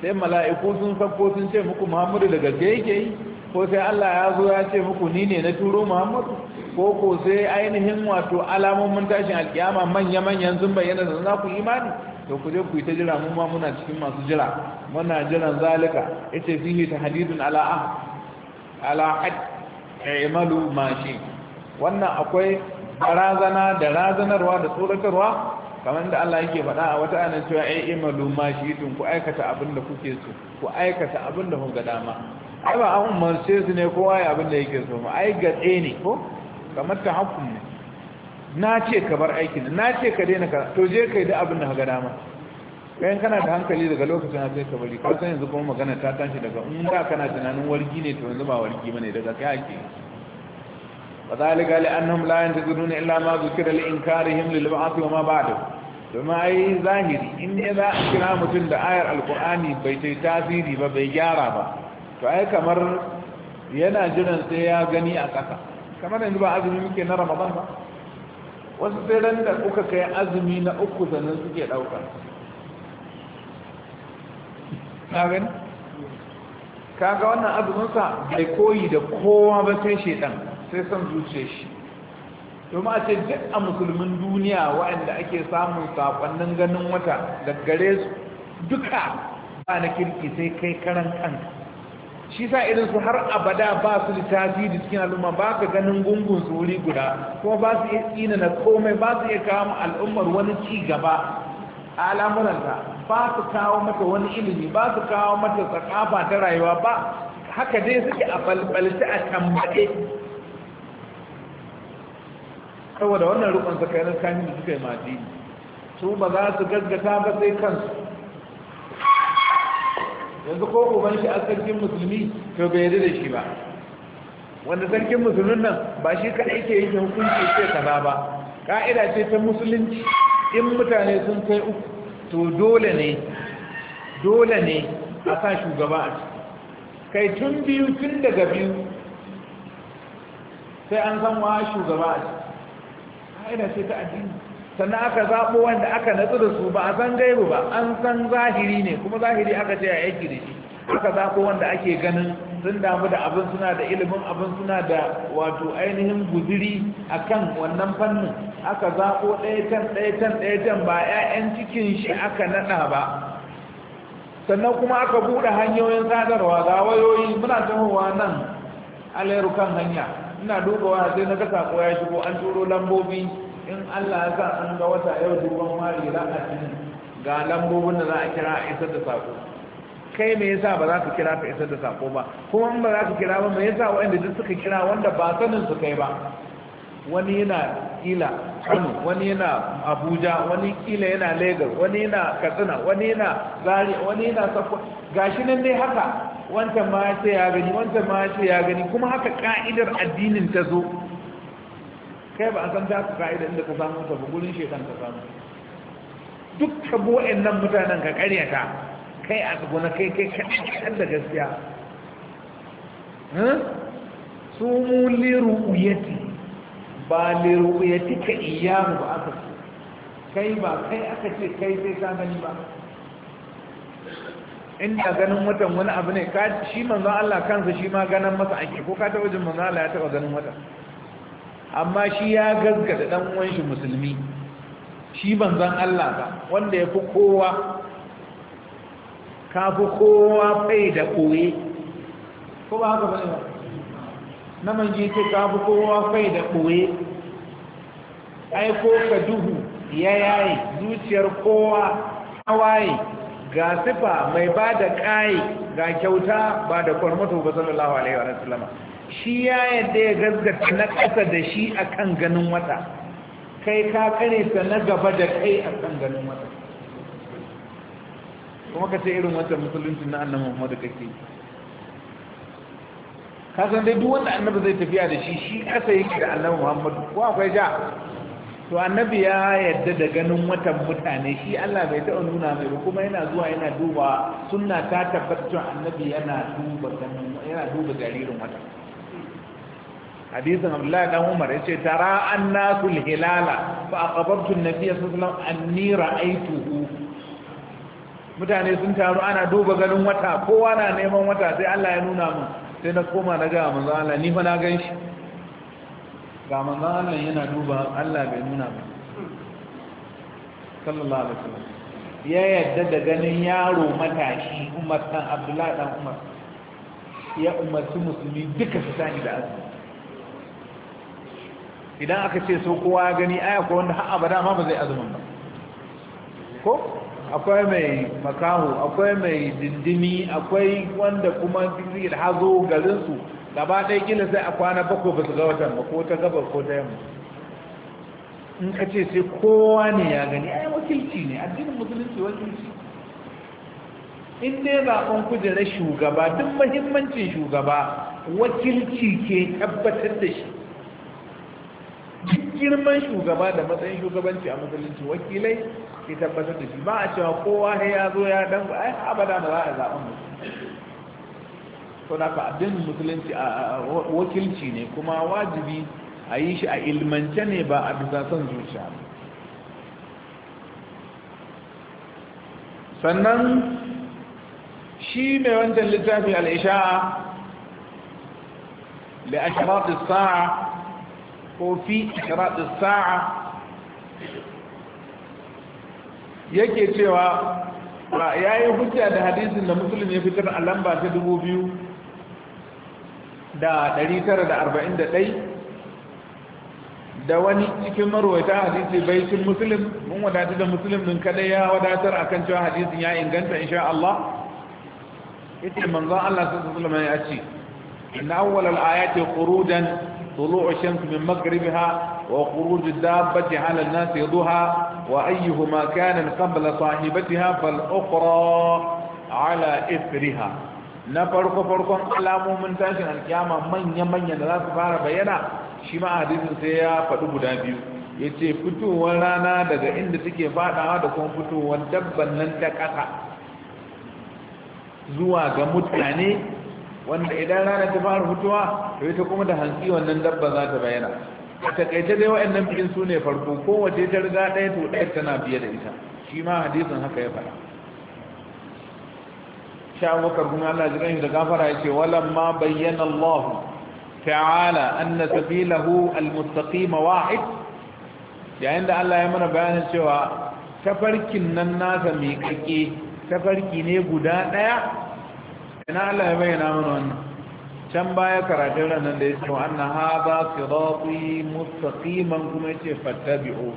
Speaker 1: sai mala'iku sun sabko sun ce muku muhammadu da gaske yake yi ko sai allah ya zo ya ce muku ni ne na turo muhammadu ko ko sai ainihin wato alamomin tashin alkiyama manya-manyan sun bayyana sannan za ku yi imani to ku je ku yi ta jira mu ma muna cikin masu jira muna jiran zalika yace fihi tahdidun ala ah ala had i'malu mashi wannan akwai barazana da razanarwa da tsorakarwa kamar da Allah yake faɗa a wata anan cewa ai luma shi tun ku aikata abin da kuke so ku aikata abin da kuka dama ai ba an umarce su ne kowa ya abin da yake so ma ai gatse ne ko kamar ta hakun ne na ce ka bar aikin na ce ka daina ka to je kai da abin da ka dama kayan kana da hankali daga lokacin da sai ka bari ka san yanzu kuma magana ta tashi daga in da kana tunanin wargi ne to yanzu ba wargi bane daga kai ake وذلك لأنهم لا ينتقدون إلا ما ذكر لإنكارهم للبعث وما بعده بما أي ظاهري إن إذا أكرا متن دعاية القرآن بيتي تاثيري ببيجارة با فأي كمر ينا جنن سيا غني أكاكا كمر إن با أزمي مكي نرى مضان با وستيرن أكا كي أزمي نأكو سنن سكي الأوكا كاغن kaga wannan azumin sa bai koyi da kowa ba sai shedan sai son zuciya shi domin a ce duk a musulmin duniya waɗanda ake samun sakonnin ganin wata daggare su duka ba na kirki sai kai karan kanka shi sa irin su har abada ba su da cikin al'umma ba ka ganin gungun su wuri guda kuma ba su iya tsina na komai ba su iya kawo al'ummar wani ci gaba a al'amuranta ba su kawo mata wani ilimi ba su kawo mata tsakafa ta rayuwa ba haka dai suke a balbalci a tambaye saboda wannan rukun tsakanin kamin da suka yi madini su ba za su gaggata ba sai kansu yanzu ko uban shi a sarkin musulmi to bai yadda da shi ba wanda sarkin musulmin nan ba shi kaɗai ke yake hukunci ce kaza ba ka'ida ce ta musulunci in mutane sun kai uku to dole ne dole ne a sa shugaba a ciki kai tun biyu tun daga biyu sai an san wa shugaba a ciki ka'ida ce ta addini sannan aka zaɓo wanda aka natsu da su ba a san gaibu ba an san zahiri ne kuma zahiri aka ce a yake da shi aka zaɓo wanda ake ganin sun damu da abin suna da ilimin abin suna da wato ainihin guziri a kan wannan fannin aka zaɓo ɗaya can ɗaya can ɗaya can ba 'ya'yan cikin shi aka naɗa ba sannan kuma aka buɗe hanyoyin sadarwa ga wayoyi muna tahowa nan alairukan hanya ina dubawa sai na ga sako ya shigo an turo lambobi in Allah ya sa an ga wata yau duban mari da a ci ga lambobin da za a kira isar da sako kai me yasa ba za ka kira ka isar da sako ba kuma in ba za ka kira ba me yasa waɗanda duk suka kira wanda ba sanin su kai ba wani yana kila kano wani yana abuja wani kila yana legal wani yana katsina wani yana zaria wani yana safo gashi nan dai haka wancan ma ce ya gani wancan ma ce ya gani kuma haka ka'idar addinin ta zo kai ba a san ta ka'idar inda ka samu ta ba gurin shekan ka samu duk ka bo'in nan mutanen ka karyata kai a tsuguna kai kai kaɗan da gaskiya su mu liru yati ba rubu ya tika iyamu ba aka ce kai ba kai aka ce kai sai ka gani ba inda ganin watan wani abu ne shi manzo Allah kansa shi ma ganin masa ake ko ka taɓa jin manzo Allah ya taɓa ganin watan amma shi ya gaggada dan uwan shi musulmi shi manzon Allah ba wanda ya fi kowa ka fi kowa fai da koye ko ba haka bane ba na manji ce ka kowa fai da ɓoye aiko ka duhu ya yayi zuciyar kowa hawaye ga sifa mai ba da ƙayi ga kyauta ba da kwarmato ba sallallahu alaihi wa sallama shi ya yadda ya gazgata na ƙasa da shi akan ganin wata kai ka kare ta na gaba da kai akan ganin wata kuma ka ce irin wata musulunci na annan muhammadu kake Kasan dai duk wanda annabi zai tafiya da shi shi kasa yake da annabi muhammadu ko akwai ja to annabi ya yadda da ganin watan mutane shi Allah bai taɓa nuna mai ba kuma yana zuwa yana duba sunna ta tabbatar annabi yana duba yana duba jaririn wata hadisin Abdullahi dan Umar ya yace tara annasu hilala fa aqabartu an sallallahu alaihi wasallam anni ra'aytuhu mutane sun taru ana duba ganin wata kowa na neman wata sai Allah ya nuna mun sai na koma na ga manzan Allah ni fa na gan shi ga manzan Allah yana duba Allah bai nuna ba sallallahu alaihi wasallam ya yadda da ganin yaro matashi Umar dan Abdullah dan Umar ya umarci musulmi duka su sani da azumi idan aka ce so kowa ya gani aya ko wanda har abada ma ba zai azumin ba ko akwai mai makahu akwai mai dindimi akwai wanda kuma zai hazo garinsu gaba ɗaya gina sai a kwana bako ba su ga watan ba ko ta gabar ko ta yamma in ka ce sai kowa ne ya gani ai wakilci ne addinin musulunci wakilci in dai zaɓen kujerar shugaba duk mahimmancin shugaba wakilci ke tabbatar da shi duk girman shugaba da matsayin shugabanci a musulunci wakilai ke tabbatar da shi ba a cewa kowa ya zo ya dan ai abada da za a zaɓa musulunci to ka addinin musulunci a wakilci ne kuma wajibi a yi shi a ilmance ne ba a bisa son zuciya sannan shi mai wancan littafi al'isha'a da ashirar sa'a ko fi ikiratis sa'a yake cewa ya yi hujja da hadisin da musulun ya fitar a lamba ta dubu biyu da ɗari tara da arba'in da ɗai da wani cikin marwaita hadisi baitin musulun mun wadatar da musulun min kadai ya wadatar akan cewa hadisin ya inganta insha Allah ita manzon Allah sun sulama ya ce inna awwalal ayati qurudan طلوع الشمس من مغربها وخروج الدابة على الناس يضها وأيهما كان قبل صاحبتها فالأخرى على إثرها na farko farkon alamomin tashin alkiyama manya-manya da za su fara bayyana shi ma hadisin ya faɗi guda biyu ya ce fitowar rana daga inda take faɗawa da kuma fitowar dabban nan ta ƙasa zuwa ga mutane wanda idan rana ta fara fitowa to ita kuma da hantsi wannan dabba za ta bayyana a takaice dai wa'annan bikin su ne farko kowace ta riga ɗaya to ɗaya tana biye da ita shi ma hadisin haka ya faɗa sha abokar kuma Allah ji ganin da gafara ya ce ma bayyana Allah ta'ala anna sabilahu almustaqim wahid yayin da Allah ya mana bayanin cewa tafarkin nan nasa mai kake tafarki ne guda ɗaya ina Allah ya bayyana mana wannan can baya karatun ranar da ya ce wa sirati mustaqiman kuma ya ce fattabi'u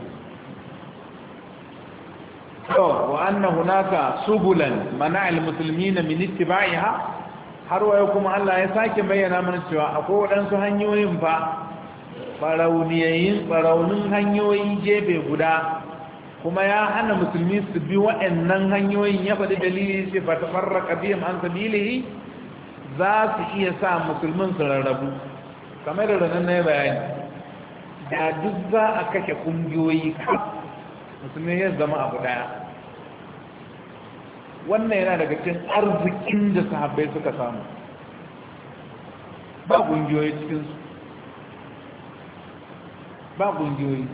Speaker 1: to wa anna hunaka subulan mana muslimina min ittiba'iha har wayo kuma Allah ya sake bayyana mana cewa akwai wadansu hanyoyin fa barauniyayin baraunin hanyoyin gefe guda kuma ya hana musulmi su bi wa'annan hanyoyin ya faɗi dalili ce ba ta farraka biyan an sabilihi za su iya sa musulmin su rarrabu kamar da ranar na ya bayani da duk za a kashe ƙungiyoyi musulmi ya zama abu ɗaya wannan yana daga cikin arzikin da sahabbai suka samu ba ƙungiyoyi cikinsu ba ƙungiyoyi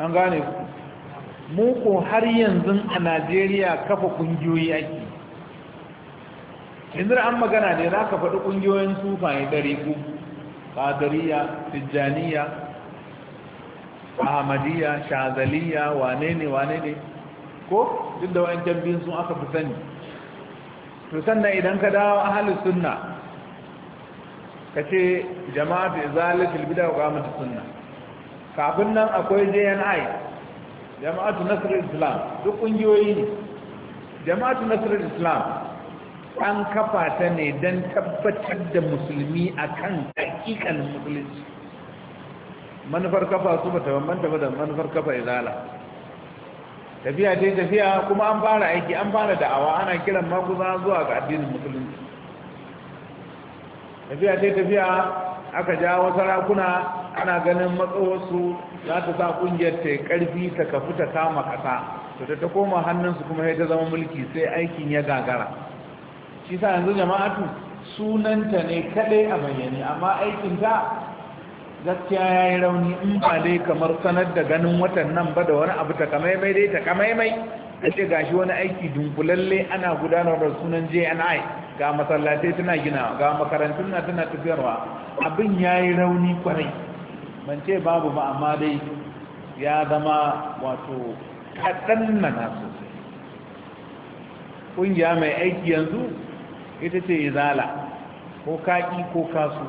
Speaker 1: an gane mu ko har yanzu a najeriya kafa kungiyoyi ake yanzu an magana ne za ka faɗi kungiyoyin sufaye ku. ƙadariya tijjaniya ahmadiyya shazaliya wane ne wane ne ko duk da wancan biyun sun aka fi sani to sannan idan ka dawo ahalin sunna ka ce jama'a jama'atu izalatul bidawa ga mutu sunna kafin nan akwai jni jama'atu nasarar islam duk ƙungiyoyi ne jama'atu nasarar islam an kafa ta ne don tabbatar da musulmi a kan musulunci manufar kafa su ba ta bambanta ba da manufar kafa izala tafiya ce tafiya kuma an fara aiki an fara da'awa ana kiran makusa zuwa ga addinin musulunci tafiya ce tafiya aka jawo sarakuna ana ganin matsawarsu za ta sa kungiyar ta karfi ta kafu ta kama kasa to ta koma hannunsu kuma sai ta zama mulki sai aikin ya gagara shi sa yanzu jama'atu sunanta ne kadai a bayyane amma aikin ta gaskiya ya yi rauni in ba dai kamar sanar da ganin watan nan ba da wani abu ta kamaimai dai ta kamaimai na ce gashi wani aiki dunkulalle ana gudanar da sunan jni ga masallatai tana gina ga makarantun na tana tafiyarwa abin ya yi rauni kwarai ban ce babu ba amma dai ya zama wato kaɗan na nasu ƙungiya mai aiki yanzu ita ce izala ko kaƙi ko kasu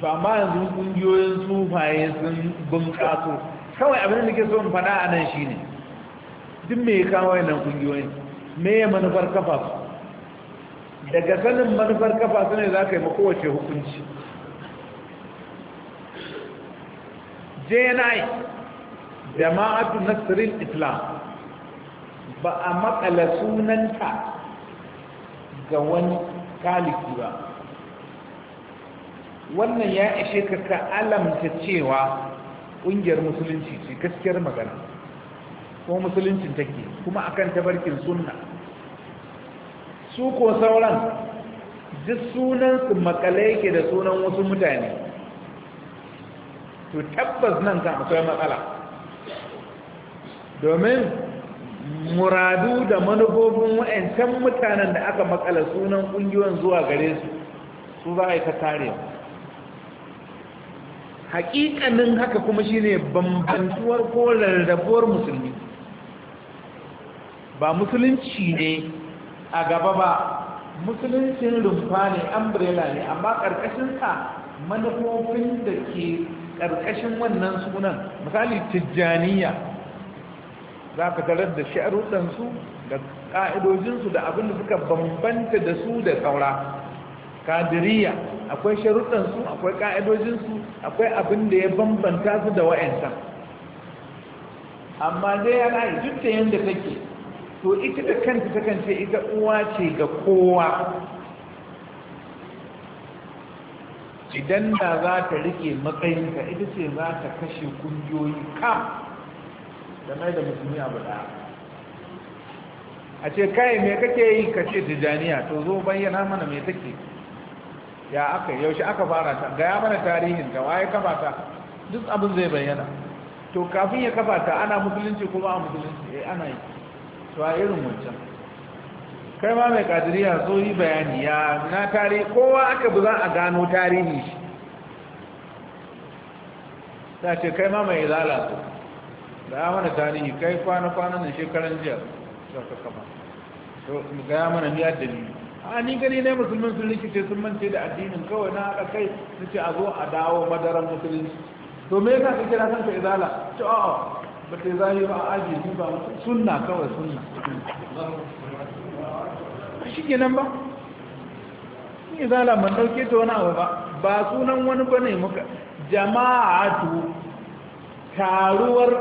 Speaker 1: to amma yanzu ƙungiyoyin sufaye sun bunƙaso kawai abin da ke so in faɗa a nan shine duk mai kawo yanar kungiyoyin me ya manufar kafa daga sanin manufar kafa su ne za ka yi makowace hukunci jni jama'atu nasirin islam ba a makala sunanta ga wani kaliki ba wannan ya ishe ka ka alamta cewa ƙungiyar musulunci ce gaskiyar magana ko musuluncin take kuma akan tabarkin sunna su ko sauran duk sunan sunansu makale yake da sunan wasu mutane to tabbas nan kan akwai matsala domin muradu da manufofin wa'ancan mutanen da aka makala sunan ƙungiyoyin zuwa gare su su za a yi ta kare hakikanin haka kuma shine bambantuwar ko rarrabuwar musulmi ba musulunci ne a gaba ba musuluncin rumfa ne umbrella ne amma ƙarƙashinsa manufofin da ke ƙarƙashin wannan sunan misali tijjaniya za ka tarar da sha'arudansu da ƙa'idojinsu da abin da suka bambanta da su da saura kadiriya akwai sharuɗansu akwai ƙa'idojinsu akwai abin da ya bambanta su da wa'yansa amma dai yana yi duk da yadda take to ita da kanta ta kance ita uwa ce ga kowa idan da za ta rike matsayinka, ita ce za ta kashe kungiyoyi ka da mai da musulmi abu da a ce kai me kake yi ka ce tijaniya to zo bayyana mana me take ya aka yaushe aka fara ta gaya mana tarihin ta waye kafa ta duk abin zai bayyana to kafin ya kafa ta ana musulunci kuma a musulunci eh ana yi to a irin wancan kai ma mai kadiriya so yi bayani ya na tarihi kowa aka bu za a gano tarihi shi ta ce kai ma mai lalata da mana tarihi kai kwana-kwanan na shekaran jiya ka kama to gaya mana miyar ni. a ni gani ne musulmin sun rikice sun mance da addinin kawai na haka kai su ce a zo a dawo madaran musulunci to me yasa ka kira kanka izala to a'a bata ta ba a ajiye ba sunna kawai sunna ba shi nan ba ni izala ban dauke ta wani abu ba ba sunan wani ba ne muka tu taruwar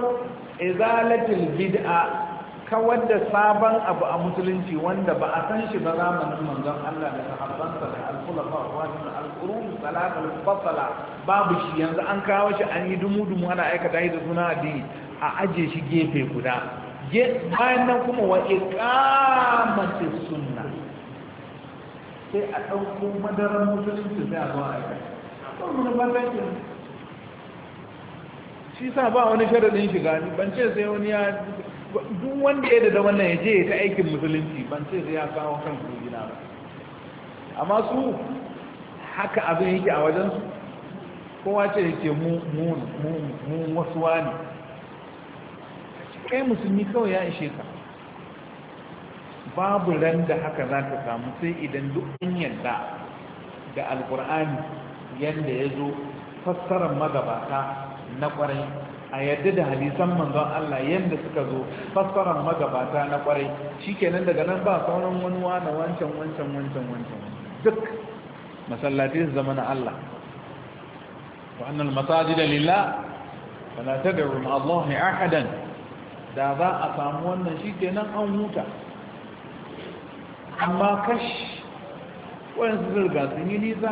Speaker 1: izalatul bid'a kawar da sabon abu a musulunci wanda ba a san shi ba zamanin manzon Allah da sahabbansa da al-khulafa wa da al-qurun salatul fasala babu shi yanzu an kawo shi an yi dumu dumu ana aikata shi da suna addini a ajiye shi gefe guda bayan nan kuma wa iqamati sunna sai a ɗauko madarar musulunci sai a zo a aikata ba mu shi sa ba wani sharaɗin shiga ban ce sai wani ya duk wanda ya da wannan ya je ta aikin musulunci ban ce sai ya kawo kan gina ba amma su haka abin yake a wajensu kowa ce yake mu wasuwa ne. kai musulmi kawai ya ishe ka babu ran da haka za ka samu sai idan duk an yadda da alkur'ani yadda ya zo fassarar magabata na kwarai a yadda da hadisan manzon Allah yadda suka zo fassarar magabata na kwarai kenan daga nan ba sauran wani wani wancan wancan wancan wancan duk masallatai su zama na Allah wa annal masajida lillah fala tad'u ma ahadan da za a samu wannan shi kenan an huta amma kash waɗansu zirga sun yi nisa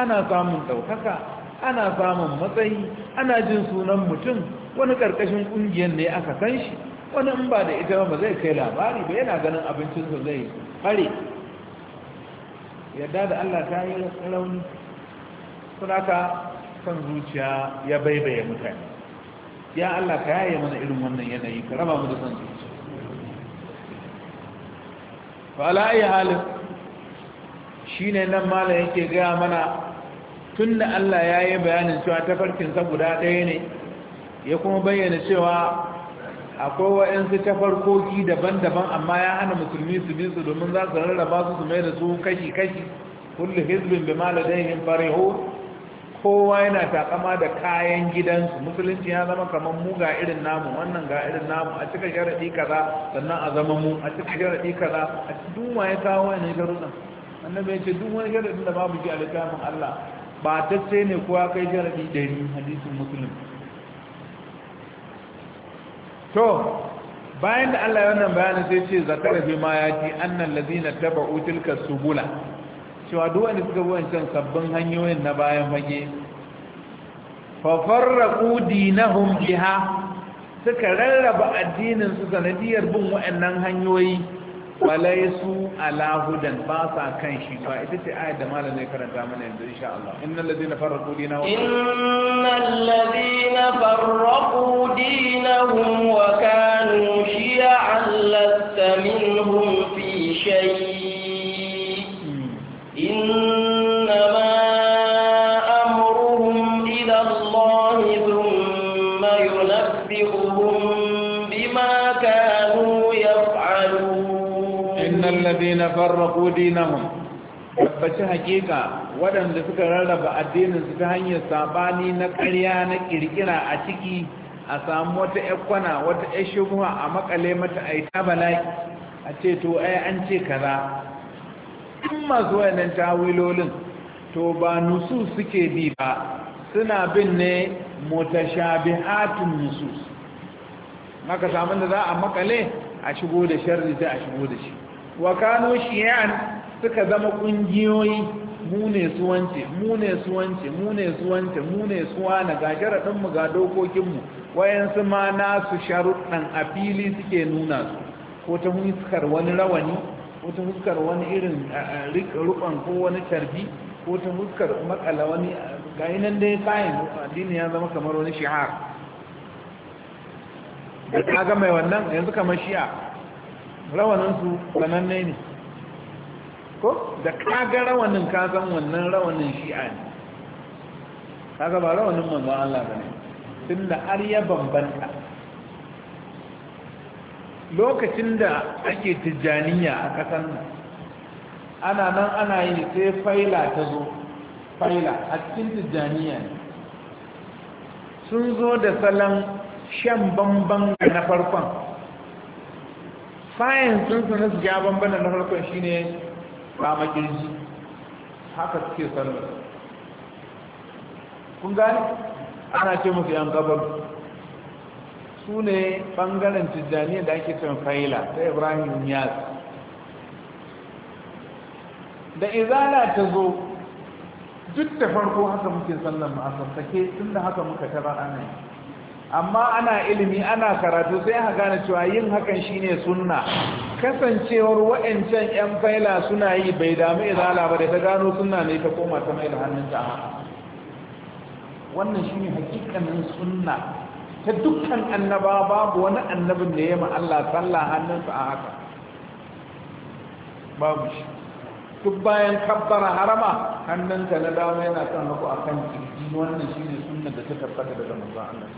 Speaker 1: ana samun ɗaukaka ana samun matsayi ana jin sunan mutum wani ƙarƙashin ƙungiyar ne aka san shi wani in ba da ita ba zai kai labari ba yana ganin abincinsa zai fare yadda da allah ta yi rauni ka kan zuciya ya baibaye mutane ya Allah ka yaye mana irin wannan yanayi ka raba mu da san zuci fa ala ayi halin shine nan malam yake gaya mana tunda Allah ya yi bayanin cewa tafarkin sa guda ɗaya ne ya kuma bayyana cewa akwai wa'yansu tafarkoki daban-daban amma ya hana musulmi su bi su domin za su rarraba su su mai da su kashi-kashi kullu hizbin bi maladaihin farihu kowa yana takama da kayan gidansu musulunci ya zama kamar mu ga irin namu wannan ga irin namu a cika sharaɗi kaza sannan a zama mu a cika sharaɗi kaza a duk ya kawo wani sharuɗa annabi ya ce duk wani sharaɗin da babu ji a littafin Allah ba ta ce ne kowa kai sharaɗi ɗari hadisin musulun to bayan da Allah ya wannan bayanin sai ce zakarafi ma ya ce annan lazina taba'u tilka subula cewa duk wanda suka bi wancan sabbin hanyoyin na bayan fage fafarraku dinahum biha suka rarraba addinin su sanadiyar bin wa'annan hanyoyi walaisu ala hudan ba sa kan shi ba ita ce ayat da malamin karanta mana yanzu insha Allah innal ladina farraqu dinahum innal
Speaker 2: ladina farraqu dinahum wa kanu shi'an lasta minhum fi shay
Speaker 1: farraku dinahum tabbaci hakika waɗanda suka rarraba addinin su ta hanyar sabani na ƙarya na ƙirƙira a ciki a samu wata ƴakwana wata ƴar a makale mata a yi bala'i a ce to ai an ce kaza in masu wayannan tawilolin to ba nusu suke bi ba suna bin ne mutashabihatun nusus maka samun da za a makale a shigo da sharri sai a shigo da shi wa kano shiyan suka zama kungiyoyi mu ne su wance mu ne su wance mu ne su mu ne su ga sharaɗinmu ga dokokinmu wayansu ma nasu sharuɗan a fili suke nuna su ko ta huskar wani rawani ko ta huskar wani irin rukon ko wani tarbi ko ta huskar makala wani ga nan dai kayan addini ya zama kamar wani shihar da ta ga mai wannan yanzu kamar shi'a rawaninsu sananne ne ko da kaga rawanin kasan wannan rawanin shi'a ne kaga ba rawanin manzan Allah ba ne tun da har ya bambanta lokacin da ake tijjaniya a kasan nan ana nan ana yi sai faila ta zo faila a cikin tijjaniya ne sun zo da salon shan bambam na farkon sayan sun su nasu ya bambana na farkon shine kama kirji haka suke sanar kun gani ana ce musu yan gabar su ne ɓangaren tijjaniya da ake cin faila ta ibrahim yaz da izala ta zo duk da farko haka muke sallar ma'asar take tun da haka muka tara ana yi amma ana ilimi ana karatu sai ha gane cewa yin hakan shine sunna kasancewar wa'ancan yan faila suna yi bai damu izala ba da ta gano sunna ne ta koma ta mai da hannunta a wannan shine hakikanin sunna ta dukkan annaba babu wani annabin da ya ma Allah sallah hannunsa a haka babu shi duk bayan kabbara harama hannunka na dama yana kan haku akan kirji wannan shine sunna da ta tabbata daga manzon Allah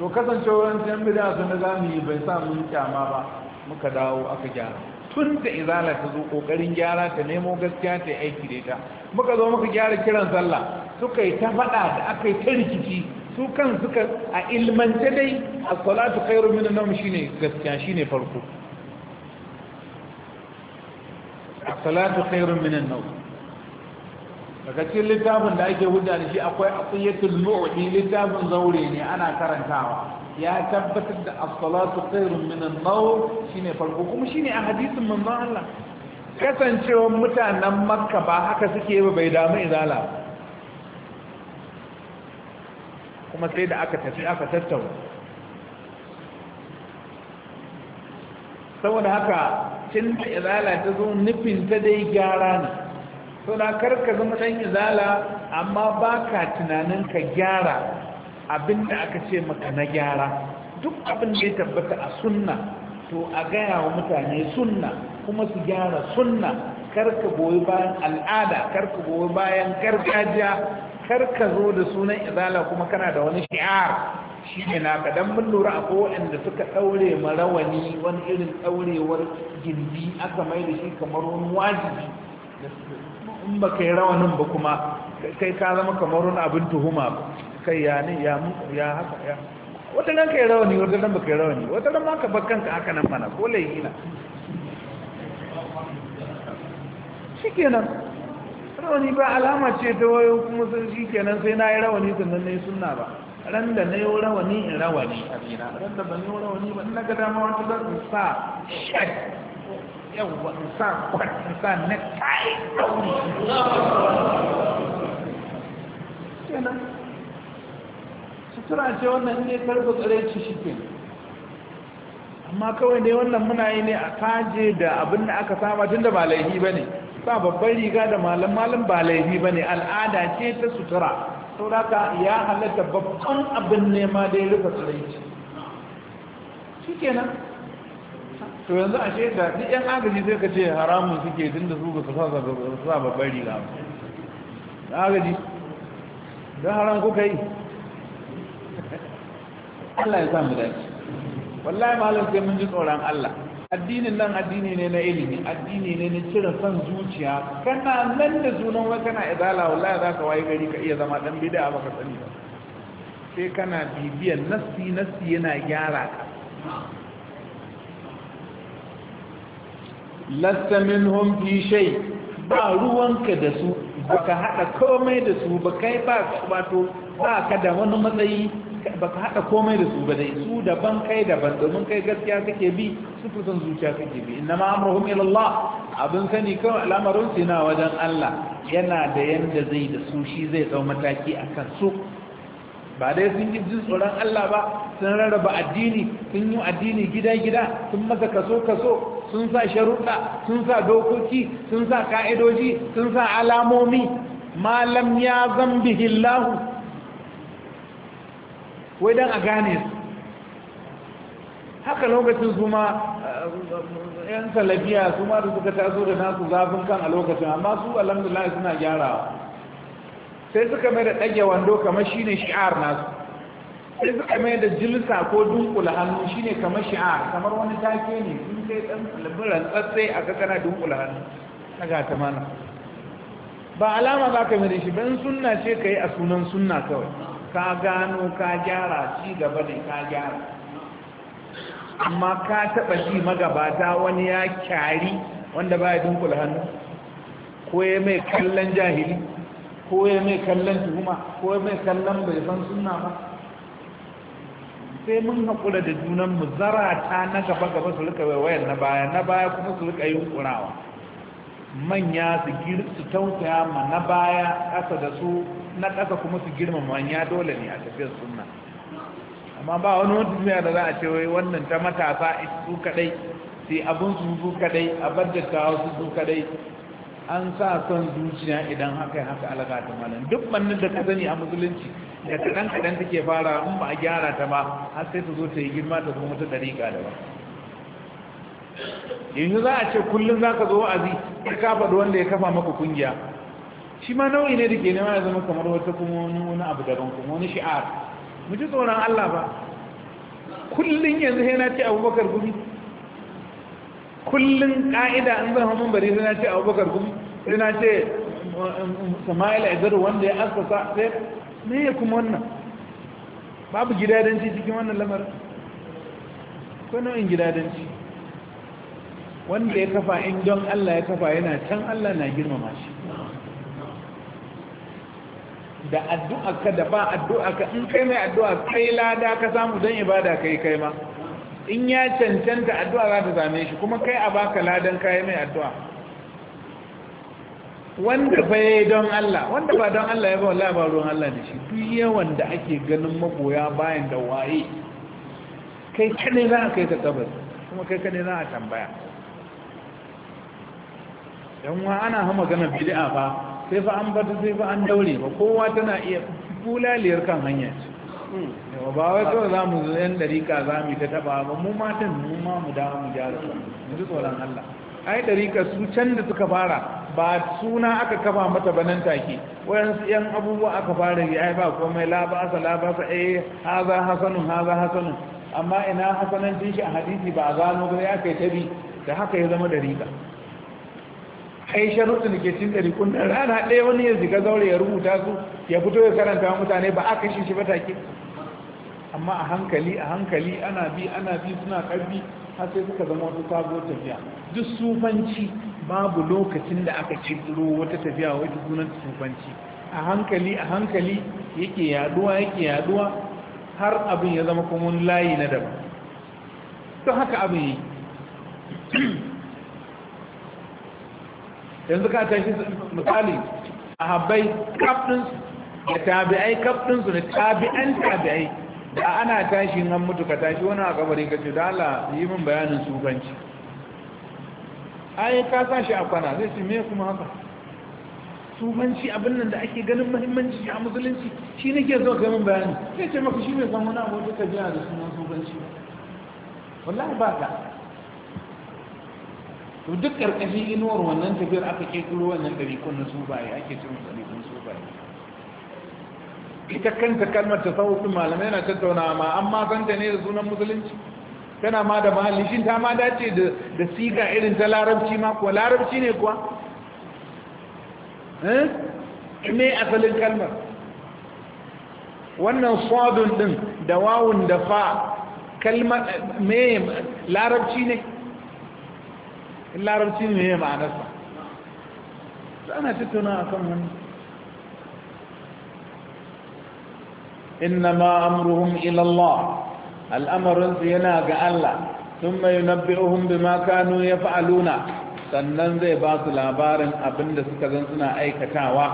Speaker 1: to kasancewar yan bida su na yi bai sa mun kyama ba muka dawo aka gyara tun da izala ta zo kokarin gyara ta nemo gaskiya ta aiki da ita muka zo muka gyara kiran sallah suka yi ta faɗa da aka yi ta rikici su kan suka a ilmance dai a salatu khairu min an shine gaskiya shine farko a salatu khairu min an daga cikin littafin da ake hujja da shi akwai aqiyatul mu'ti littafin zaure ne ana karantawa ya tabbatar da as-salatu khairun min an-nawm shine farko kuma shine a hadisin manzon Allah kasancewar mutanen makka ba haka suke ba bai damu izala kuma sai da aka tafi aka tattauna saboda haka cin da izala ta zo nufin ta dai gyara ne so da karka zama ɗan izala amma ba ka tunanin ka gyara abin da aka ce maka na gyara duk abin da ya tabbata a sunna to a gaya wa mutane sunna kuma su gyara sunna karka goyi bayan al'ada karka goyi bayan gargajiya karka zo da sunan izala kuma kana da wani shi'ar shi ne na kadan mun lura a da suka ɗaure marawani wani irin ɗaurewar gindi aka mai da shi kamar wani wajibi in ba ka yi rawanin ba kuma kai ka zama kamar wani abin tuhuma kai ya ne ya haka ya wata nan ka yi rawani wata nan ba ka yi rawani wata nan ma ka bar kanka haka nan mana ko laihina shi kenan rawani ba alama ce ta wayo kuma sun shi kenan sai na yi rawani sannan na yi suna ba ran da na yi rawani in rawani a ran da ban yi rawani ba na ga dama wata zan sa shi yawwa na kai ɗauri sutura ce wannan ne karfa tsare shi ke amma kawai dai wannan muna yi ne a kaje da abin da aka saba tun da ba ba ne ba babban riga da malam malam ba laifi ba ne al'ada ce ta sutura sauraka ya halatta babban abin nema ya rufe tsare ci shi kenan to yanzu ce da duk yan agaji sai ka ce haramun suke tun da su ba su sa babbar riga da agaji don haram kuka yi Allah ya sa mu dace wallahi malam sai mun ji tsoron Allah addinin nan addini ne na ilimi addini ne na cire son zuciya kana nan da sunan wai kana izala wallahi za ka waye gari ka iya zama dan bid'a baka sani ba sai kana bibiyan nassi nassi yana gyara ka lasta minhum fi shay ba ruwanka da su baka hada komai da su ba kai ba wato ba ka da wani matsayi baka hada komai da su ba dai su daban kai daban domin kai gaskiya kake bi su fusan zuciya kake bi inna ma amruhum ila Allah abin sani kawai al'amarin su na wajen Allah yana da yanda zai da su shi zai dau mataki akan su ba dai sun yi jin tsoron Allah ba sun rarraba addini sun yi addini gida-gida sun masa kaso-kaso sun sa sharuɗa sun sa dokoki sun sa ka'idoji sun sa alamomi malam ya zambi hillahu wai don a gane su haka lokacin su ma eh, yan salafiya su ma da suka taso da nasu zafin kan a lokacin amma su alhamdulillah suna gyarawa sai suka mai da ɗage wando kamar shine shi'ar nasu sai suka mai da jilsa ko dunkula hannu shine kamar shi'a kamar wani take ne sun sai dan labiran tsatsai a ga kana dunkula hannu na ga mana ba alama za ka mere shi ban sunna ce ka yi a sunan sunna kawai ka gano ka gyara ci gaba ne ka gyara amma ka taɓa ji magabata wani ya kyari wanda ba ya dunkula hannu ko ya mai kallon jahili ko ya mai kallon tuhuma ko ya mai kallon bai san sunna ba sai mun haƙura da junan mu zarata na gaba gaba su rika wayar na baya na baya kuma su rika yunkurawa manya su su tausaya ma na baya ƙasa da su na ƙasa kuma su girma manya dole ne a tafiyar sunna amma ba wani wata duniya da za a ce wai wannan ta matasa su kadai sai abun su su kadai a bajjata su su kadai an sa son zuciya idan haka haka alaƙa ta malam duk manin da ka sani a musulunci da kaɗan kadan take fara in ba a gyara ta ba har sai ta zo ta yi girma ta kuma ta ɗariƙa da ba yanzu za a ce kullum za ka zo wa'azi ka kafa da wanda ya kafa maka kungiya shi ma nau'i ne da ke nema ya zama kamar wata kuma wani abu daban kuma wani shi'ar mu ji tsoron Allah ba kullum yanzu sai na ce abubakar gumi kullum ƙa'ida in zan hannun bari sai na ce abubakar gumi sai na ce um, um, sama'il aizaru wanda ya askasa sai ne ya kuma wannan babu gidadanci cikin wannan lamar, ko yin gidadanci wanda ya kafa in don Allah ya kafa yana can Allah na girmama shi da addu'a ka da ba addu'a ka in kai mai addu'a kai lada ka samu don ibada kai kai ma in ya cancanta addu'a za ta same shi kuma kai a baka ladan kai mai addu'a wanda ba ya don Allah wanda ba don Allah ya ba wallahi ba ruwan Allah da shi duk yawan da ake ganin magoya bayan da waye kai kane za a kai ka kabari kuma kai kane za a tambaya don wa ana ha magana bid'a ba sai fa an bata sai fa an daure ba kowa tana iya bulaliyar kan hanya ce
Speaker 3: yawa ba wai kawai za mu
Speaker 1: yan dariƙa za mu ta taba ba mu matan mu ma mu da mu gyara su mu ji tsoron Allah ai dariƙa su can da suka fara ba suna aka kafa mata banan take wayansu yan abubuwa aka fara yi ai ba komai la ba sa la ba sa eh haza hasanun haza hasanun amma ina din shi a hadisi ba a gano ba ya kai tabi da haka ya zama dariqa ai sharutu ne ke cin dariqun da rana ɗaya wani ya zika zaure ya rubuta su ya fito ya karanta mutane ba aka shi shi ba take amma a hankali a hankali ana bi ana bi suna ƙarfi har sai suka zama wata sabuwar tafiya duk sufanci babu lokacin da aka ciro wata tafiya wata sunan tsufanci a hankali a hankali yake yaduwa yake yaduwa har abin ya zama kuma layi na daban to haka abin yi yanzu ka tashi misali a Habai, kafinsu da tabi'ai kafinsu da tabi'an tabi'ai da ana tashi an mutu ka tashi wani a kabarin ka ce da Allah yi min bayanin sufanci ayi ka sa shi a kwana zai ce me kuma haka tubanci abin nan da ake ganin muhimmanci a musulunci shi nake zo ga min bayani sai ce maka shi ne san wani abu da ka jiya da sunan tubanci wallahi ba ka to duk karkashin inuwar wannan tafiyar aka ke kuro wannan ɗariƙon na subaye ake cin ɗariƙon subaye ita kanta kalmar tasawufin malamai na tattaunawa ma amma zanta ne da sunan musulunci tana ma da mahalli shin ta ma dace da siga irin ta larabci ma kuwa larabci ne kuwa eh? me asalin kalmar wannan swadun din da wawun da fa kalmar me larabci ne larabci ne me ma'anarsa ana tattauna a kan wani إنما أمرهم إلى الله al'amarinsu yana ga Allah sun mai nabbi'uhun bi makanu ya fa'aluna sannan zai ba su labarin abin da suka zan suna aikatawa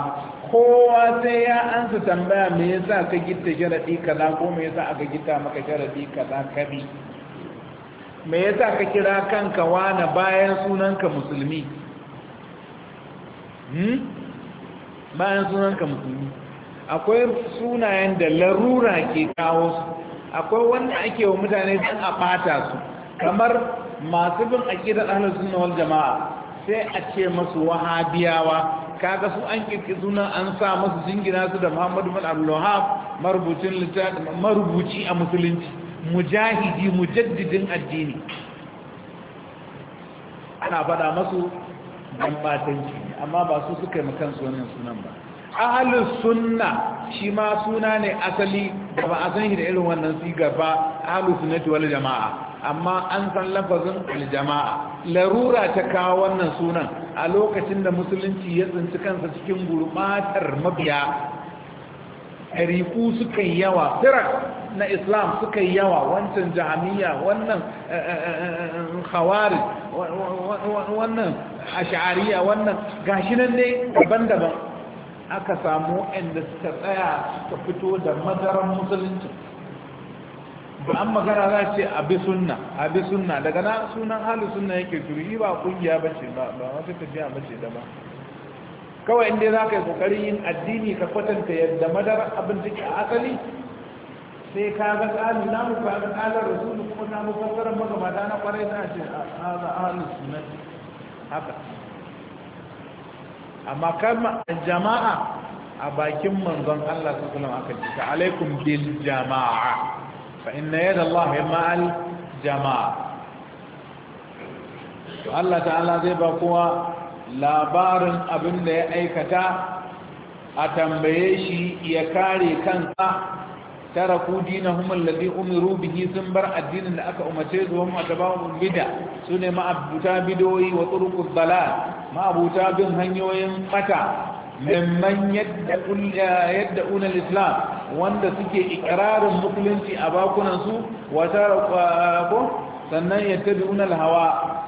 Speaker 1: kowa sai ya ansa tambaya me yasa ka gita sharaɗi kaza ko me yasa aka gita maka sharaɗi kaza kabi me yasa ka kira kanka wane bayan sunanka musulmi hmm? bayan sunanka musulmi akwai sunayen da larura ke kawo su akwai wanda ake wa mutane don a bata su kamar masu bin aƙidar ahlus sunna wal jama'a sai a ce masu wahabiyawa kaga su an kirki suna an sa masu jingina su da Muhammadu bin Abdul marubucin marubuci a musulunci mujahidi mujaddidin addini ana faɗa masu dan amma ba su suka yi sunan ba ahalin sunna shi ma suna ne asali da ba a san shi da irin wannan sigar ba ahalus sunnati wal jama'a amma an san lafazin al jama'a larura ta kawo wannan sunan a lokacin da musulunci ya tsinci kansa cikin gurbatar mabiya ariku suka yi yawa firak na islam suka yi yawa wancan jami'a wannan eh, eh, eh, khawari wannan ashariya wannan gashi nan ne daban-daban aka samu inda suka tsaya suka fito da madaran musulunci ba an magana za ce abi sunna abi sunna daga na sunan hali sunna yake turi ba kungiya ba ce ba ba wata tafiya ba ce da ba kawai inda za ka yi kokarin yin addini ka kwatanta yadda madara abin take a asali sai ka ga tsari na mu ka ga tsarin rasulu kuma na mu fassara magabata na kwarai na ce a tsarin hali sunan haka amma kalma jama'a a bakin manzon Allah sallallahu alaihi aka ce alaikum bil jama'a fa inna yada Allah ma'al jama'a to Allah ta'ala zai ba kowa labarin abin da ya aikata a tambaye shi ya kare kansa taraku dinahum alladhi umiru bihi sun bar addinin da aka umarce su wa tabawun bid'a sune ma abuta bidoyi wa turuqud dalal ma abuta bin hanyoyin fata mimman yadda unar islam wanda suke ikirarin musulunci a bakunansu wata taraku sannan yadda unar hawa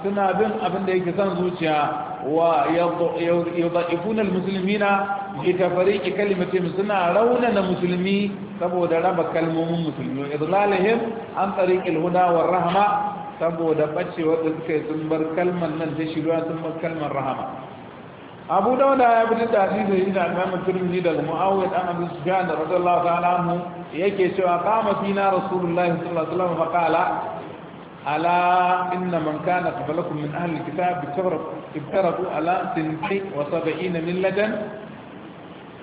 Speaker 1: suna bin abin da yake son zuciya ويضعفون المسلمين بتفريق كلمتهم سنة روننا مسلمي سبود رب كلمهم مسلمين إضلالهم عن طريق الهدى والرحمة سبود بشي وذلك سنبر كلمة ننتشلوا ثم كلمة الرحمة أبو داود يبدو تعزيز إلى أمام الترمذي المعاود أن أبو سفيان رضي الله تعالى عنه يكي سوى قام فينا رسول الله صلى الله عليه وسلم فقال ala inna man kana qablakum min ahli alkitab ibtarafu ala sintai wa sab'ina millatan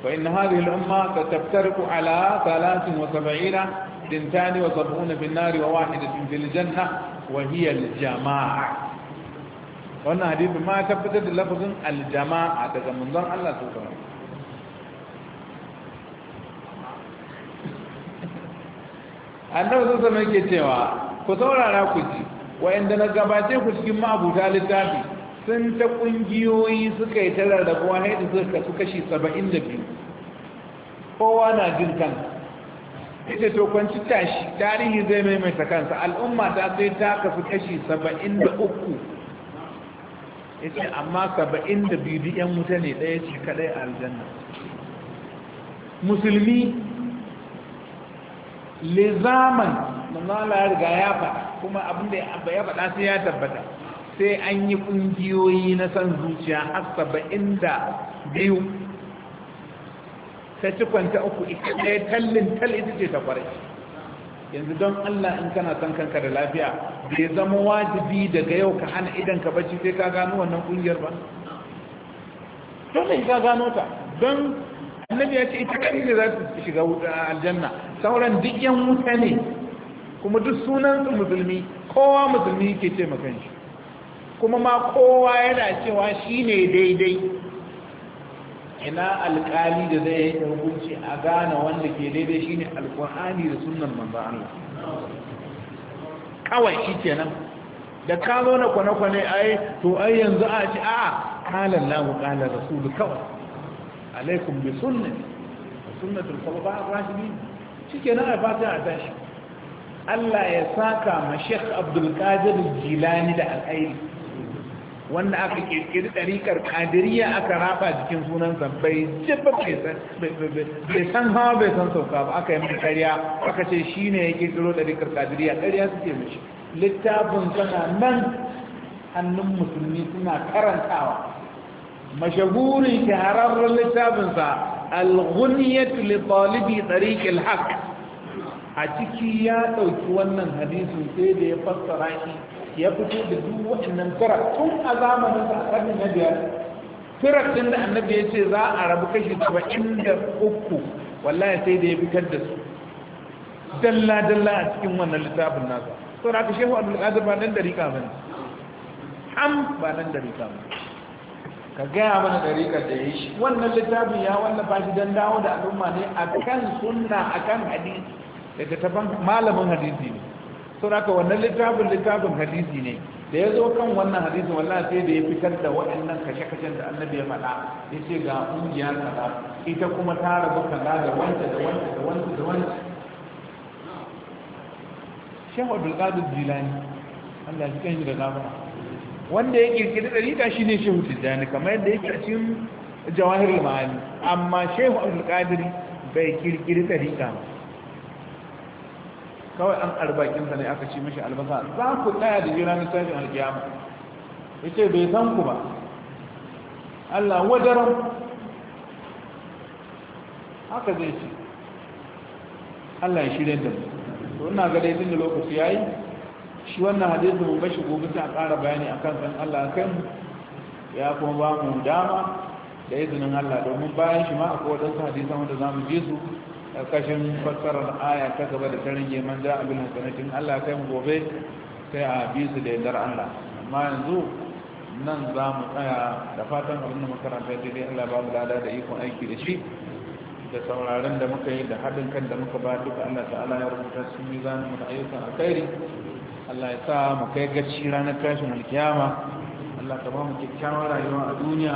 Speaker 1: fa inna hadhihi al-umma satftariqu ala 73 وسبعون في النار وواحدة في الجنة وهي الجماعة وانا حديث ما تبتد لفظ الجماعة تزمن الله سبحانه annabi sun sami ke cewa ku saurara ku ji wayanda na gabace ku cikin ma'abuta littafi sun ta ƙungiyoyi suka yi tarar da kowa haiti suka su kashi saba'in da biyu kowa na jin kan. ita to kwanci tashi tarihi zai maimaita kansa al'umma ta sai ta kasu kashi saba'in da uku ita amma saba'in da biyu yan mutane ɗaya ce kaɗai a aljanna musulmi lizaman Allah ya riga ya faɗa kuma abin da ya faɗa sai ya tabbata sai an yi ƙungiyoyi na san zuciya har saba'in da biyu ta ci kwanta uku ita ɗaya tallin tal ita ce ta kwarai yanzu don Allah in kana son kanka da lafiya bai zama wajibi daga yau ka hana idan ka bacci sai ka gano wannan ƙungiyar ba dole ka gano ta don annabi ya ce ita kai ne za su shiga aljanna sauran duk yan wuta ne kuma duk sunan su musulmi kowa musulmi ke ce ma kanshi kuma ma kowa yana cewa shi shine daidai ina alkali da zai yi hukunci a gane wanda ke daidai ne alkur'ani da sunan manzo Allah kawai shi nan da ka zo na kwane-kwane ai to ai yanzu a ci a kalan lahu kalan rasulu kawai alaikum bi sunnati wa sunnatul khulafa ar-rashidin na a fata a tashi Allah ya saka ma Sheikh Abdul Qadir Jilani da al'airi wanda aka kirkiri ɗarikar kadiriya aka raba jikin sunansa bai jibba bai san hawa bai san sauka ba aka yi mai ƙarya aka ce shi ne ya kirkiro ɗarikar kadiriya ƙarya suke mashi littafin tana nan hannun musulmi suna karantawa mashahuri shahararren littafinsa al-ghunyatu li talibi tariq al-haq a ciki ya dauki wannan hadisi sai da ya fassara shi ya fito da duk waɗannan tara tun a zamanin sa karni na biyar tara da annabi ya ce za a rabu kashi 73 wallahi sai da ya fitar da dalla dalla a cikin wannan littafin nasa ba ba ka gaya mana dariƙar da ya shi wannan littafin ya wallafa shi don dawo da al'umma ne a kan sunna a kan hadisi daga taban malamin hadisi ne sau da wannan littafin littafin hadisi ne da ya zo kan wannan hadisi wallahi sai da ya fitar da waɗannan kashe-kashen da annabi ya faɗa ya ce ga ƙungiya kaza ita kuma ta rabu kaza da wanta da wanta da wanta da wanta shehu abdulkadir jilani allah ya kan yi da gaba wanda ya kirkiri ɗariƙa shi ne shehu tijjani kamar yadda ya cikin jawahir ma'ani amma shehu abdulkadir bai kirkiri ɗariƙa kawai an arbakinsa ne aka ci mashi albasa za ku tsaya da jira na sashen alkiyama ya ce bai san ku ba allah wajar haka zai ce allah ya shirya da mu to ina ga dai tun da lokaci ya yi shi wannan hadisi mun bashi gobe sai a ƙara bayani akan san Allah kan ya kuma ba mu dama da izinin Allah domin bayan shi ma akwai wadansu hadisan wanda zamu je su ƙarƙashin fassarar aya ta gaba da tarin yeman da abin hasanatin Allah kai mu gobe sai a bi su da yardar Allah amma yanzu nan za mu tsaya da fatan abin da makaranta daidai Allah ba mu lada da ikon aiki da shi da sauraron da muka yi da haɗin kan da muka ba duka Allah ta'ala ya rubuta su mizanin mu da ayyukan alkhairi Allah ya sa mu kai gaci ranar tashin alkiyama Allah ka ba mu kyakkyawar rayuwa a duniya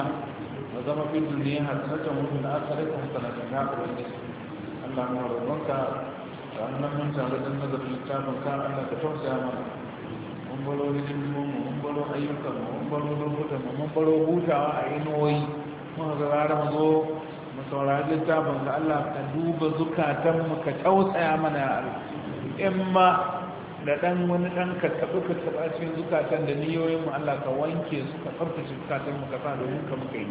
Speaker 1: wa zama fi duniya hasanatan mutu da aka rika hasanatan na kuwanne Allah mu roƙonka da annan mun tare da nazarin littafin ka Allah ka tausaya mana mun baro hidimin mu mun baro ayyukan mu mun baro lokutan mu mun baro hutawa a inuwoyi mun ga rara mu zo mu saurari littafin ka Allah ka duba zukatanmu ka tausaya mana a Allah in ma da ɗan wani ɗan karkaɓe karkaɓe a cikin zukatan da niyoyin mu Allah ka wanke su ka tsarkace zukatan mu ka sa domin ka muka yi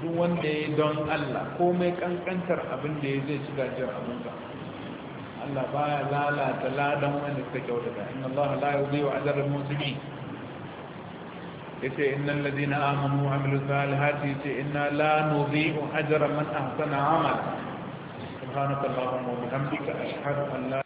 Speaker 1: duk wanda ya yi don Allah komai ƙanƙantar abin da ya zai ci gajiyar abin ka Allah baya lalata ladan wanda suka kyautata inna Allah la yudhi'u ajra al-muslimin yace innal ladina amanu wa amilu salihati yace inna la nudhi'u ajra man ahsana amala subhanaka allahumma wa bihamdika ashhadu
Speaker 3: an la